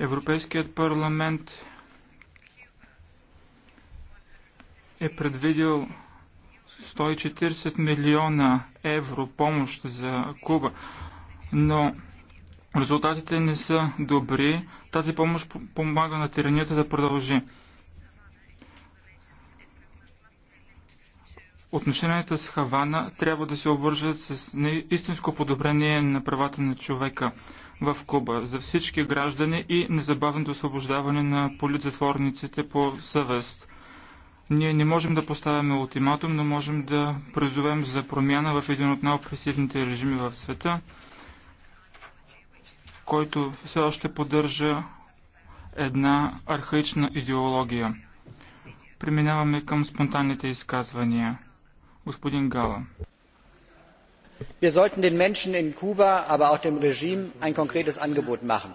Европейският парламент е предвидил 140 милиона евро помощ за Куба, но резултатите не са добри. Тази помощ помага на тиранията да продължи. Отношенията с Хавана трябва да се обвържат с истинско подобрение на правата на човека в Куба за всички граждани и незабавното освобождаване на политзатворниците по съвест. Ние не можем да поставяме ултиматум, но можем да призовем за промяна в един от най-опресивните режими в света, който все още поддържа една архаична идеология. Преминаваме към спонтанните изказвания. Господин Гала. Wir sollten den Menschen in Kuba, aber auch dem Regime ein konkretes Angebot machen.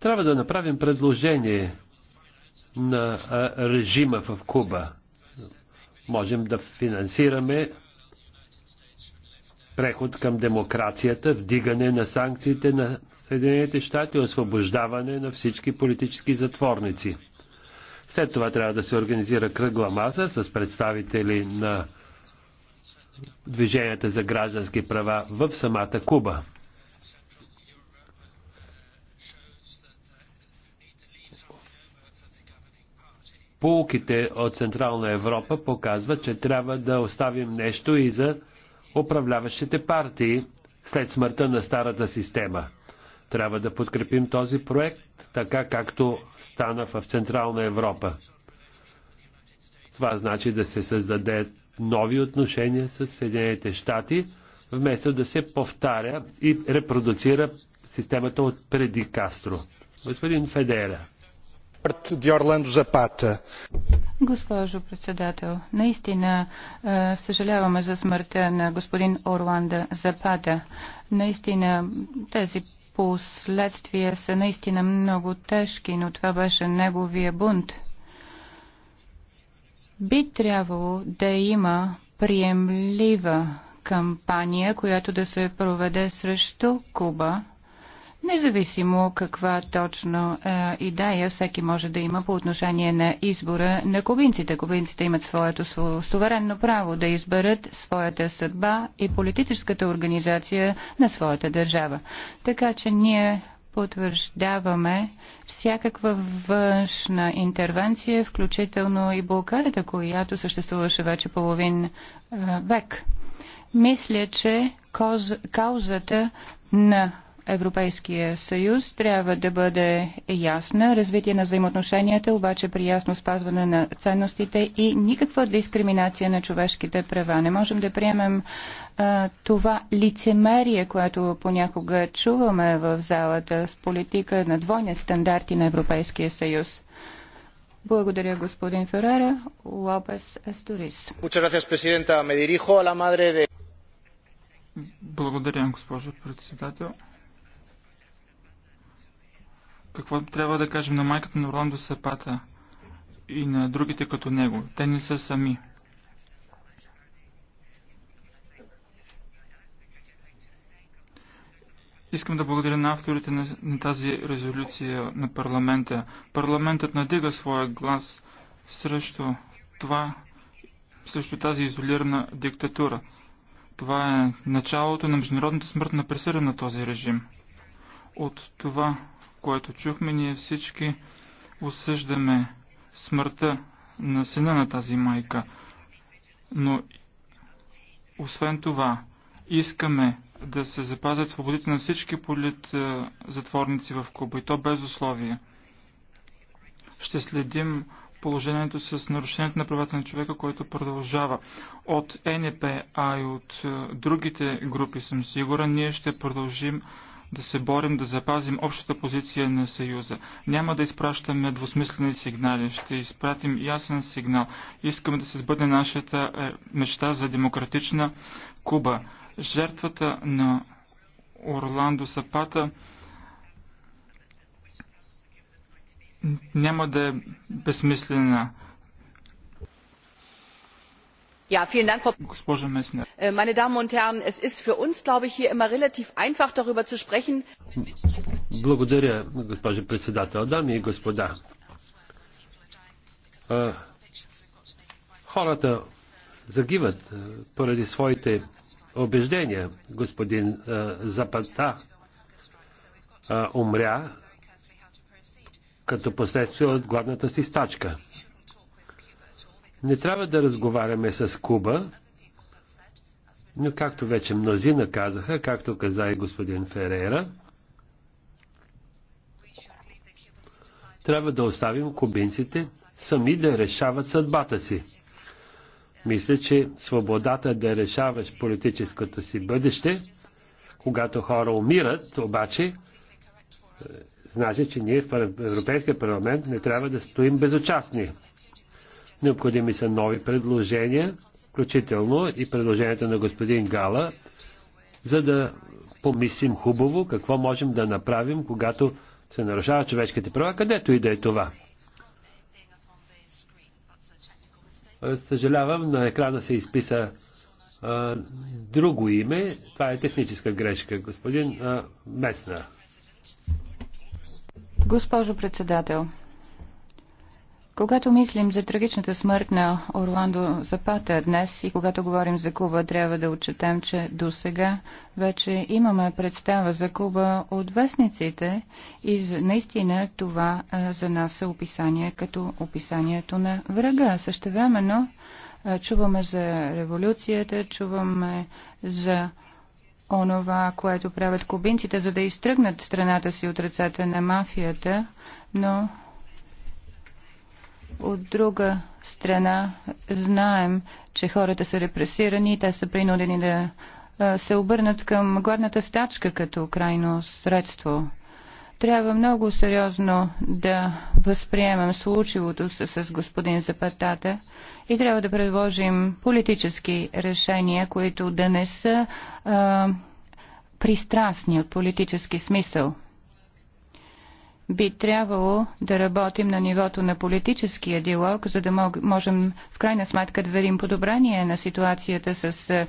трябва да направим предложение на режима в Куба. Можем да финансираме преход към демокрацията, вдигане на санкциите на Съединените щати, освобождаване на всички политически затворници. След това трябва да се организира кръгла маса с представители на движенията за граждански права в самата Куба. Полуките от Централна Европа показват, че трябва да оставим нещо и за управляващите партии след смъртта на старата система. Трябва да подкрепим този проект, така както стана в Централна Европа. Това значи да се създаде нови отношения с Съединените щати, вместо да се повтаря и репродуцира системата от преди Кастро. Господин Федера. Госпожо председател, наистина е, съжаляваме за смъртта на господин Орландо Запата. Наистина тези последствия са наистина много тежки, но това беше неговия бунт. Би трябвало да има приемлива кампания, която да се проведе срещу Куба – Независимо каква точно а, е, идея всеки може да има по отношение на избора на кубинците. Кубинците имат своето суверенно право да изберат своята съдба и политическата организация на своята държава. Така че ние потвърждаваме всякаква външна интервенция, включително и блокадата, която съществуваше вече половин а, е, век. Мисля, че коз, каузата на Европейския съюз трябва да бъде ясна. Развитие на взаимоотношенията, обаче при ясно спазване на ценностите и никаква дискриминация на човешките права. Не можем да приемем а, това лицемерие, което понякога чуваме в залата с политика на двойни стандарти на Европейския съюз. Благодаря, господин Ферера. Лопес Есторис. Благодаря, госпожо председател какво трябва да кажем на майката на Орландо Сапата и на другите като него. Те не са сами. Искам да благодаря на авторите на, на тази резолюция на парламента. Парламентът надига своя глас срещу това, срещу тази изолирана диктатура. Това е началото на международната смърт на пресъра на този режим. От това, което чухме, ние всички осъждаме смъртта на сина на тази майка. Но освен това, искаме да се запазят свободите на всички полит е, затворници в Куба и то без условия. Ще следим положението с нарушението на правата на човека, което продължава. От НП, а и от е, другите групи съм сигурен, ние ще продължим да се борим да запазим общата позиция на Съюза. Няма да изпращаме двусмислени сигнали, ще изпратим ясен сигнал. Искаме да се сбъде нашата е, мечта за демократична Куба. Жертвата на Орландо Сапата няма да е безсмислена. Госпожо Меснер. Äh, meine Damen und Herren, es ist für uns, glaube ich, hier immer relativ einfach darüber zu sprechen. Благодаря, госпожо председател. Дами и господа, хората загиват поради своите убеждения. Господин Запата умря като последствие от гладната си стачка. Не трябва да разговаряме с Куба, но както вече мнозина казаха, както каза и господин Ферера, трябва да оставим кубинците сами да решават съдбата си. Мисля, че свободата да решаваш политическото си бъдеще, когато хора умират, обаче, е, значи, че ние в Европейския парламент не трябва да стоим безучастни. Необходими са нови предложения, включително и предложенията на господин Гала, за да помислим хубаво какво можем да направим, когато се нарушават човешките права, където и да е това. Съжалявам, на екрана се изписа а, друго име. Това е техническа грешка. Господин а, Месна. Госпожо председател, когато мислим за трагичната смърт на Орландо Запата днес и когато говорим за Куба, трябва да отчетем, че до сега вече имаме представа за Куба от вестниците и наистина това за нас е описание като описанието на врага. Същевременно чуваме за революцията, чуваме за онова, което правят кубинците, за да изтръгнат страната си от ръцете на мафията, но от друга страна, знаем, че хората са репресирани и те са принудени да се обърнат към гладната стачка като крайно средство. Трябва много сериозно да възприемем случилото се с господин Запатата и трябва да предложим политически решения, които да не са а, пристрастни от политически смисъл би трябвало да работим на нивото на политическия диалог, за да можем в крайна сметка да видим подобрение на ситуацията с е,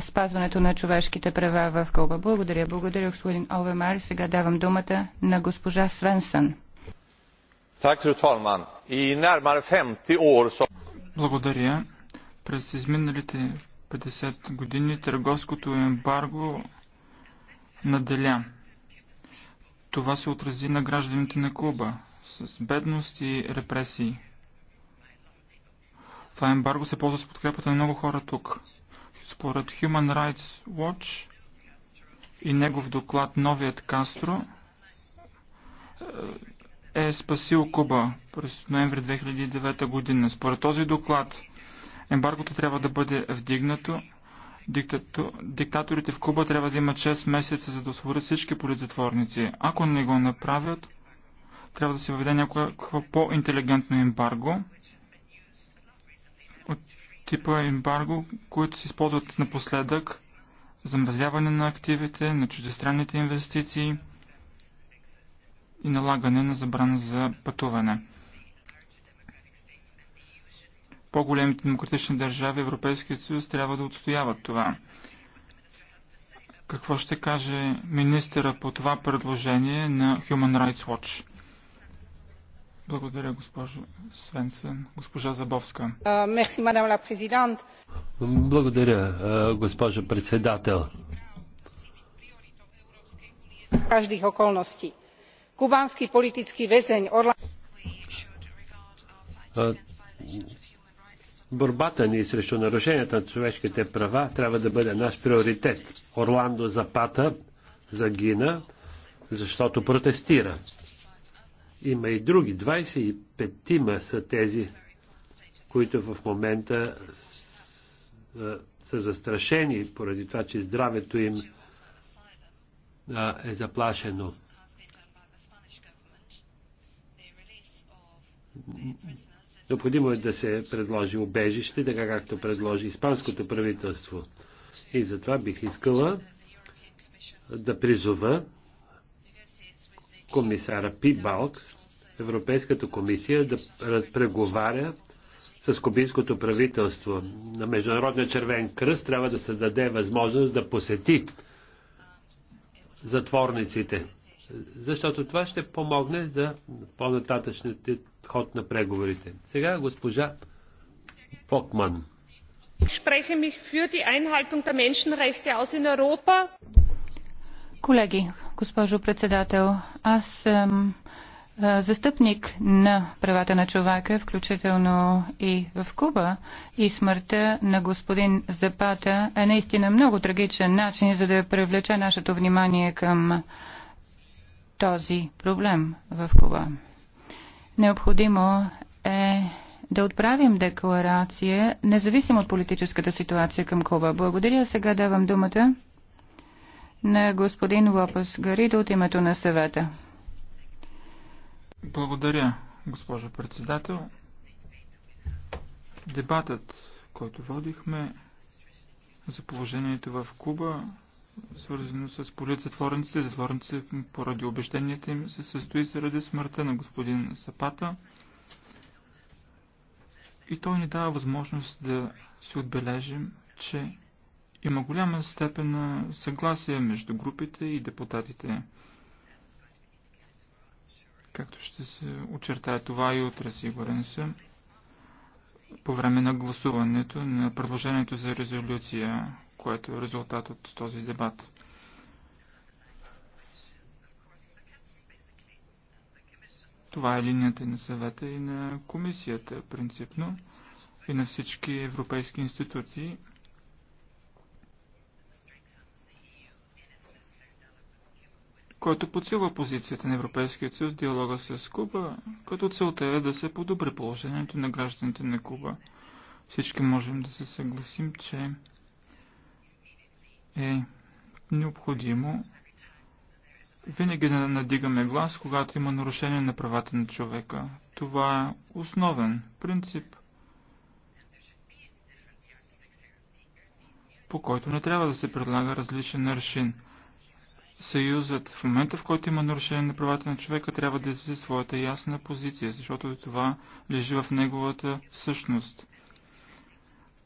спазването на човешките права в Куба. Благодаря. Благодаря, господин Овемар. Сега давам думата на госпожа Свенсън. Благодаря. През изминалите 50 години търговското ембарго наделя. Това се отрази на гражданите на Куба с бедност и репресии. Това ембарго се ползва с подкрепата на много хора тук. Според Human Rights Watch и негов доклад Новият Кастро е, е спасил Куба през ноември 2009 година. Според този доклад ембаргото трябва да бъде вдигнато Диктату... Диктаторите в Куба трябва да имат 6 месеца, за да освободят всички политзатворници. Ако не го направят, трябва да се въведе някакво по-интелигентно ембарго от типа ембарго, които се използват напоследък замразяване на активите, на чуждестранните инвестиции и налагане на забрана за пътуване по-големите демократични държави Европейският съюз трябва да отстояват това. Какво ще каже министъра по това предложение на Human Rights Watch? Благодаря, госпожо Свенсен. Госпожа Забовска. Мерси, мадам ла президент. Благодаря, госпожо председател. Каждых околностей. Кубанский политический везень Орландо Борбата ни срещу нарушенията на човешките права трябва да бъде наш приоритет. Орландо Запата загина, защото протестира. Има и други. 25-ма са тези, които в момента са застрашени поради това, че здравето им е заплашено. Необходимо е да се предложи убежище, така както предложи испанското правителство. И затова бих искала да призова комисара Пи Балкс, Европейската комисия да преговаря с кубинското правителство. На Международния червен кръст трябва да се даде възможност да посети затворниците, защото това ще помогне за по-нататъчните ход на преговорите. Сега госпожа Фокман. Колеги, госпожо председател, аз съм застъпник на правата на човека, включително и в Куба, и смъртта на господин Запата е наистина много трагичен начин, за да привлече нашето внимание към този проблем в Куба. Необходимо е да отправим декларация, независимо от политическата ситуация към Куба. Благодаря. Сега давам думата на господин Лопес Гарид от името на съвета. Благодаря, госпожо председател. Дебатът, който водихме за положението в Куба, свързано с полит затворниците. Затворниците поради обещенията им се състои заради смъртта на господин Сапата. И той ни дава възможност да си отбележим, че има голяма степен на съгласие между групите и депутатите. Както ще се очертая това и утре, сигурен съм, по време на гласуването на предложението за резолюция, което е резултат от този дебат. Това е линията на съвета и на комисията принципно и на всички европейски институции. който подсилва позицията на Европейския съюз диалога с Куба, като целта е да се подобри положението на гражданите на Куба. Всички можем да се съгласим, че е необходимо винаги да надигаме глас, когато има нарушение на правата на човека. Това е основен принцип, по който не трябва да се предлага различен аршин. Съюзът в момента, в който има нарушение на правата на човека, трябва да изрази своята ясна позиция, защото това лежи в неговата същност.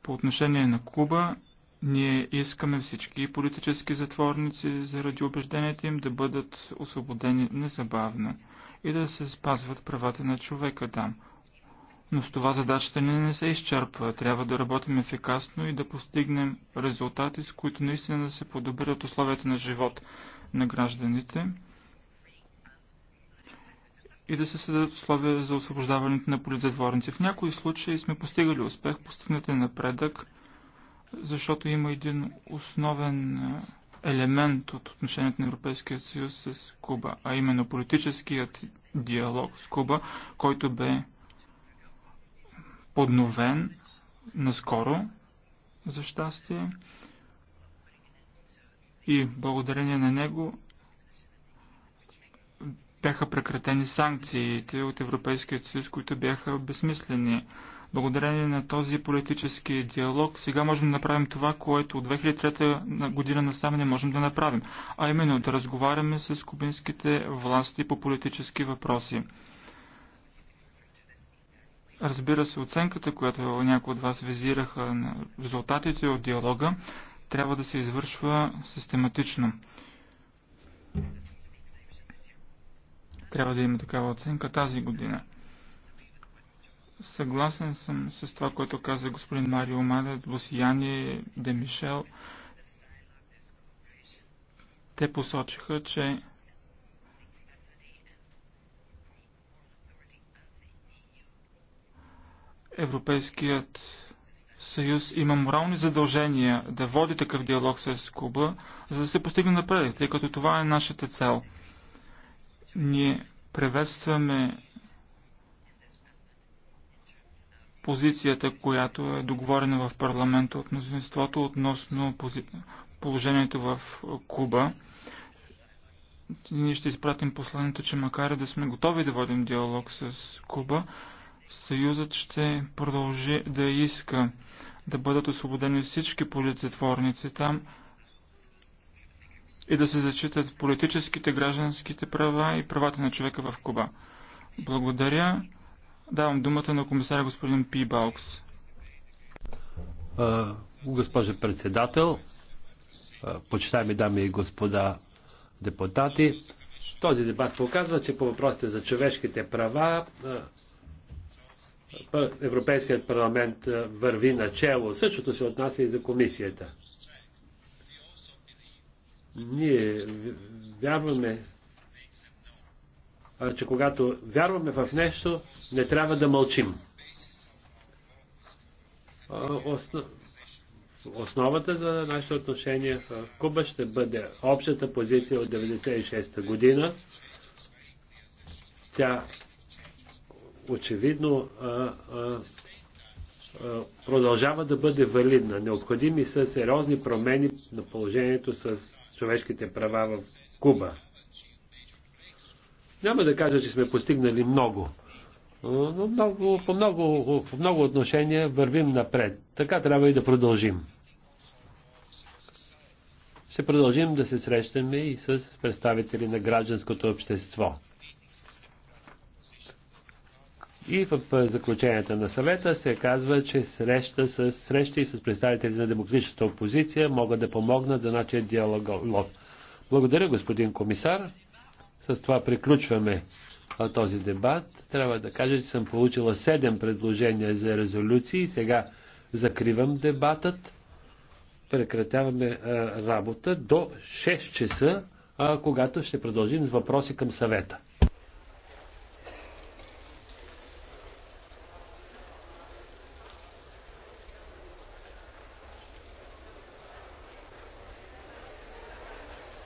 По отношение на Куба ние искаме всички политически затворници заради убежденията им да бъдат освободени незабавно и да се спазват правата на човека там. Но с това задачата ни не се изчерпва. Трябва да работим ефикасно и да постигнем резултати, с които наистина да се подобрят условията на живот на гражданите и да се създадат условия за освобождаването на политзатворници. В някои случаи сме постигали успех, постигнат е напредък – защото има един основен елемент от отношението на Европейския съюз с Куба, а именно политическият диалог с Куба, който бе подновен наскоро, за щастие. И благодарение на него бяха прекратени санкциите от Европейския съюз, които бяха безсмислени. Благодарение на този политически диалог, сега можем да направим това, което от 2003 година насам не можем да направим, а именно да разговаряме с кубинските власти по политически въпроси. Разбира се, оценката, която някои от вас визираха на резултатите от диалога, трябва да се извършва систематично. Трябва да има такава оценка тази година. Съгласен съм с това, което каза господин Марио Мада, Босияни, Демишел. Те посочиха, че Европейският съюз има морални задължения да води такъв диалог с Куба, за да се постигне напред. тъй като това е нашата цел. Ние приветстваме позицията, която е договорена в парламента от мнозинството относно положението в Куба. Ние ще изпратим посланието, че макар и да сме готови да водим диалог с Куба, Съюзът ще продължи да иска да бъдат освободени всички политзатворници там и да се зачитат политическите, гражданските права и правата на човека в Куба. Благодаря. Давам думата на комисаря господин Пи Балкс. Госпожо председател, почитаеми дами и господа депутати, този дебат показва, че по въпросите за човешките права Европейският парламент върви начело. Същото се отнася и за комисията. Ние вярваме, че когато вярваме в нещо, не трябва да мълчим. Основата за нашите отношения в Куба ще бъде общата позиция от 1996 година. Тя очевидно а, а, а, продължава да бъде валидна. Необходими са сериозни промени на положението с човешките права в Куба. Няма да кажа, че сме постигнали много, но много, по много, в много отношения вървим напред. Така трябва и да продължим. Ще продължим да се срещаме и с представители на гражданското общество. И в заключенията на съвета се казва, че среща с, срещи с представители на демократичната опозиция могат да помогнат за нашия диалог. Благодаря, господин комисар. С това приключваме този дебат. Трябва да кажа, че съм получила 7 предложения за резолюции. Сега закривам дебатът. Прекратяваме работа до 6 часа, когато ще продължим с въпроси към съвета.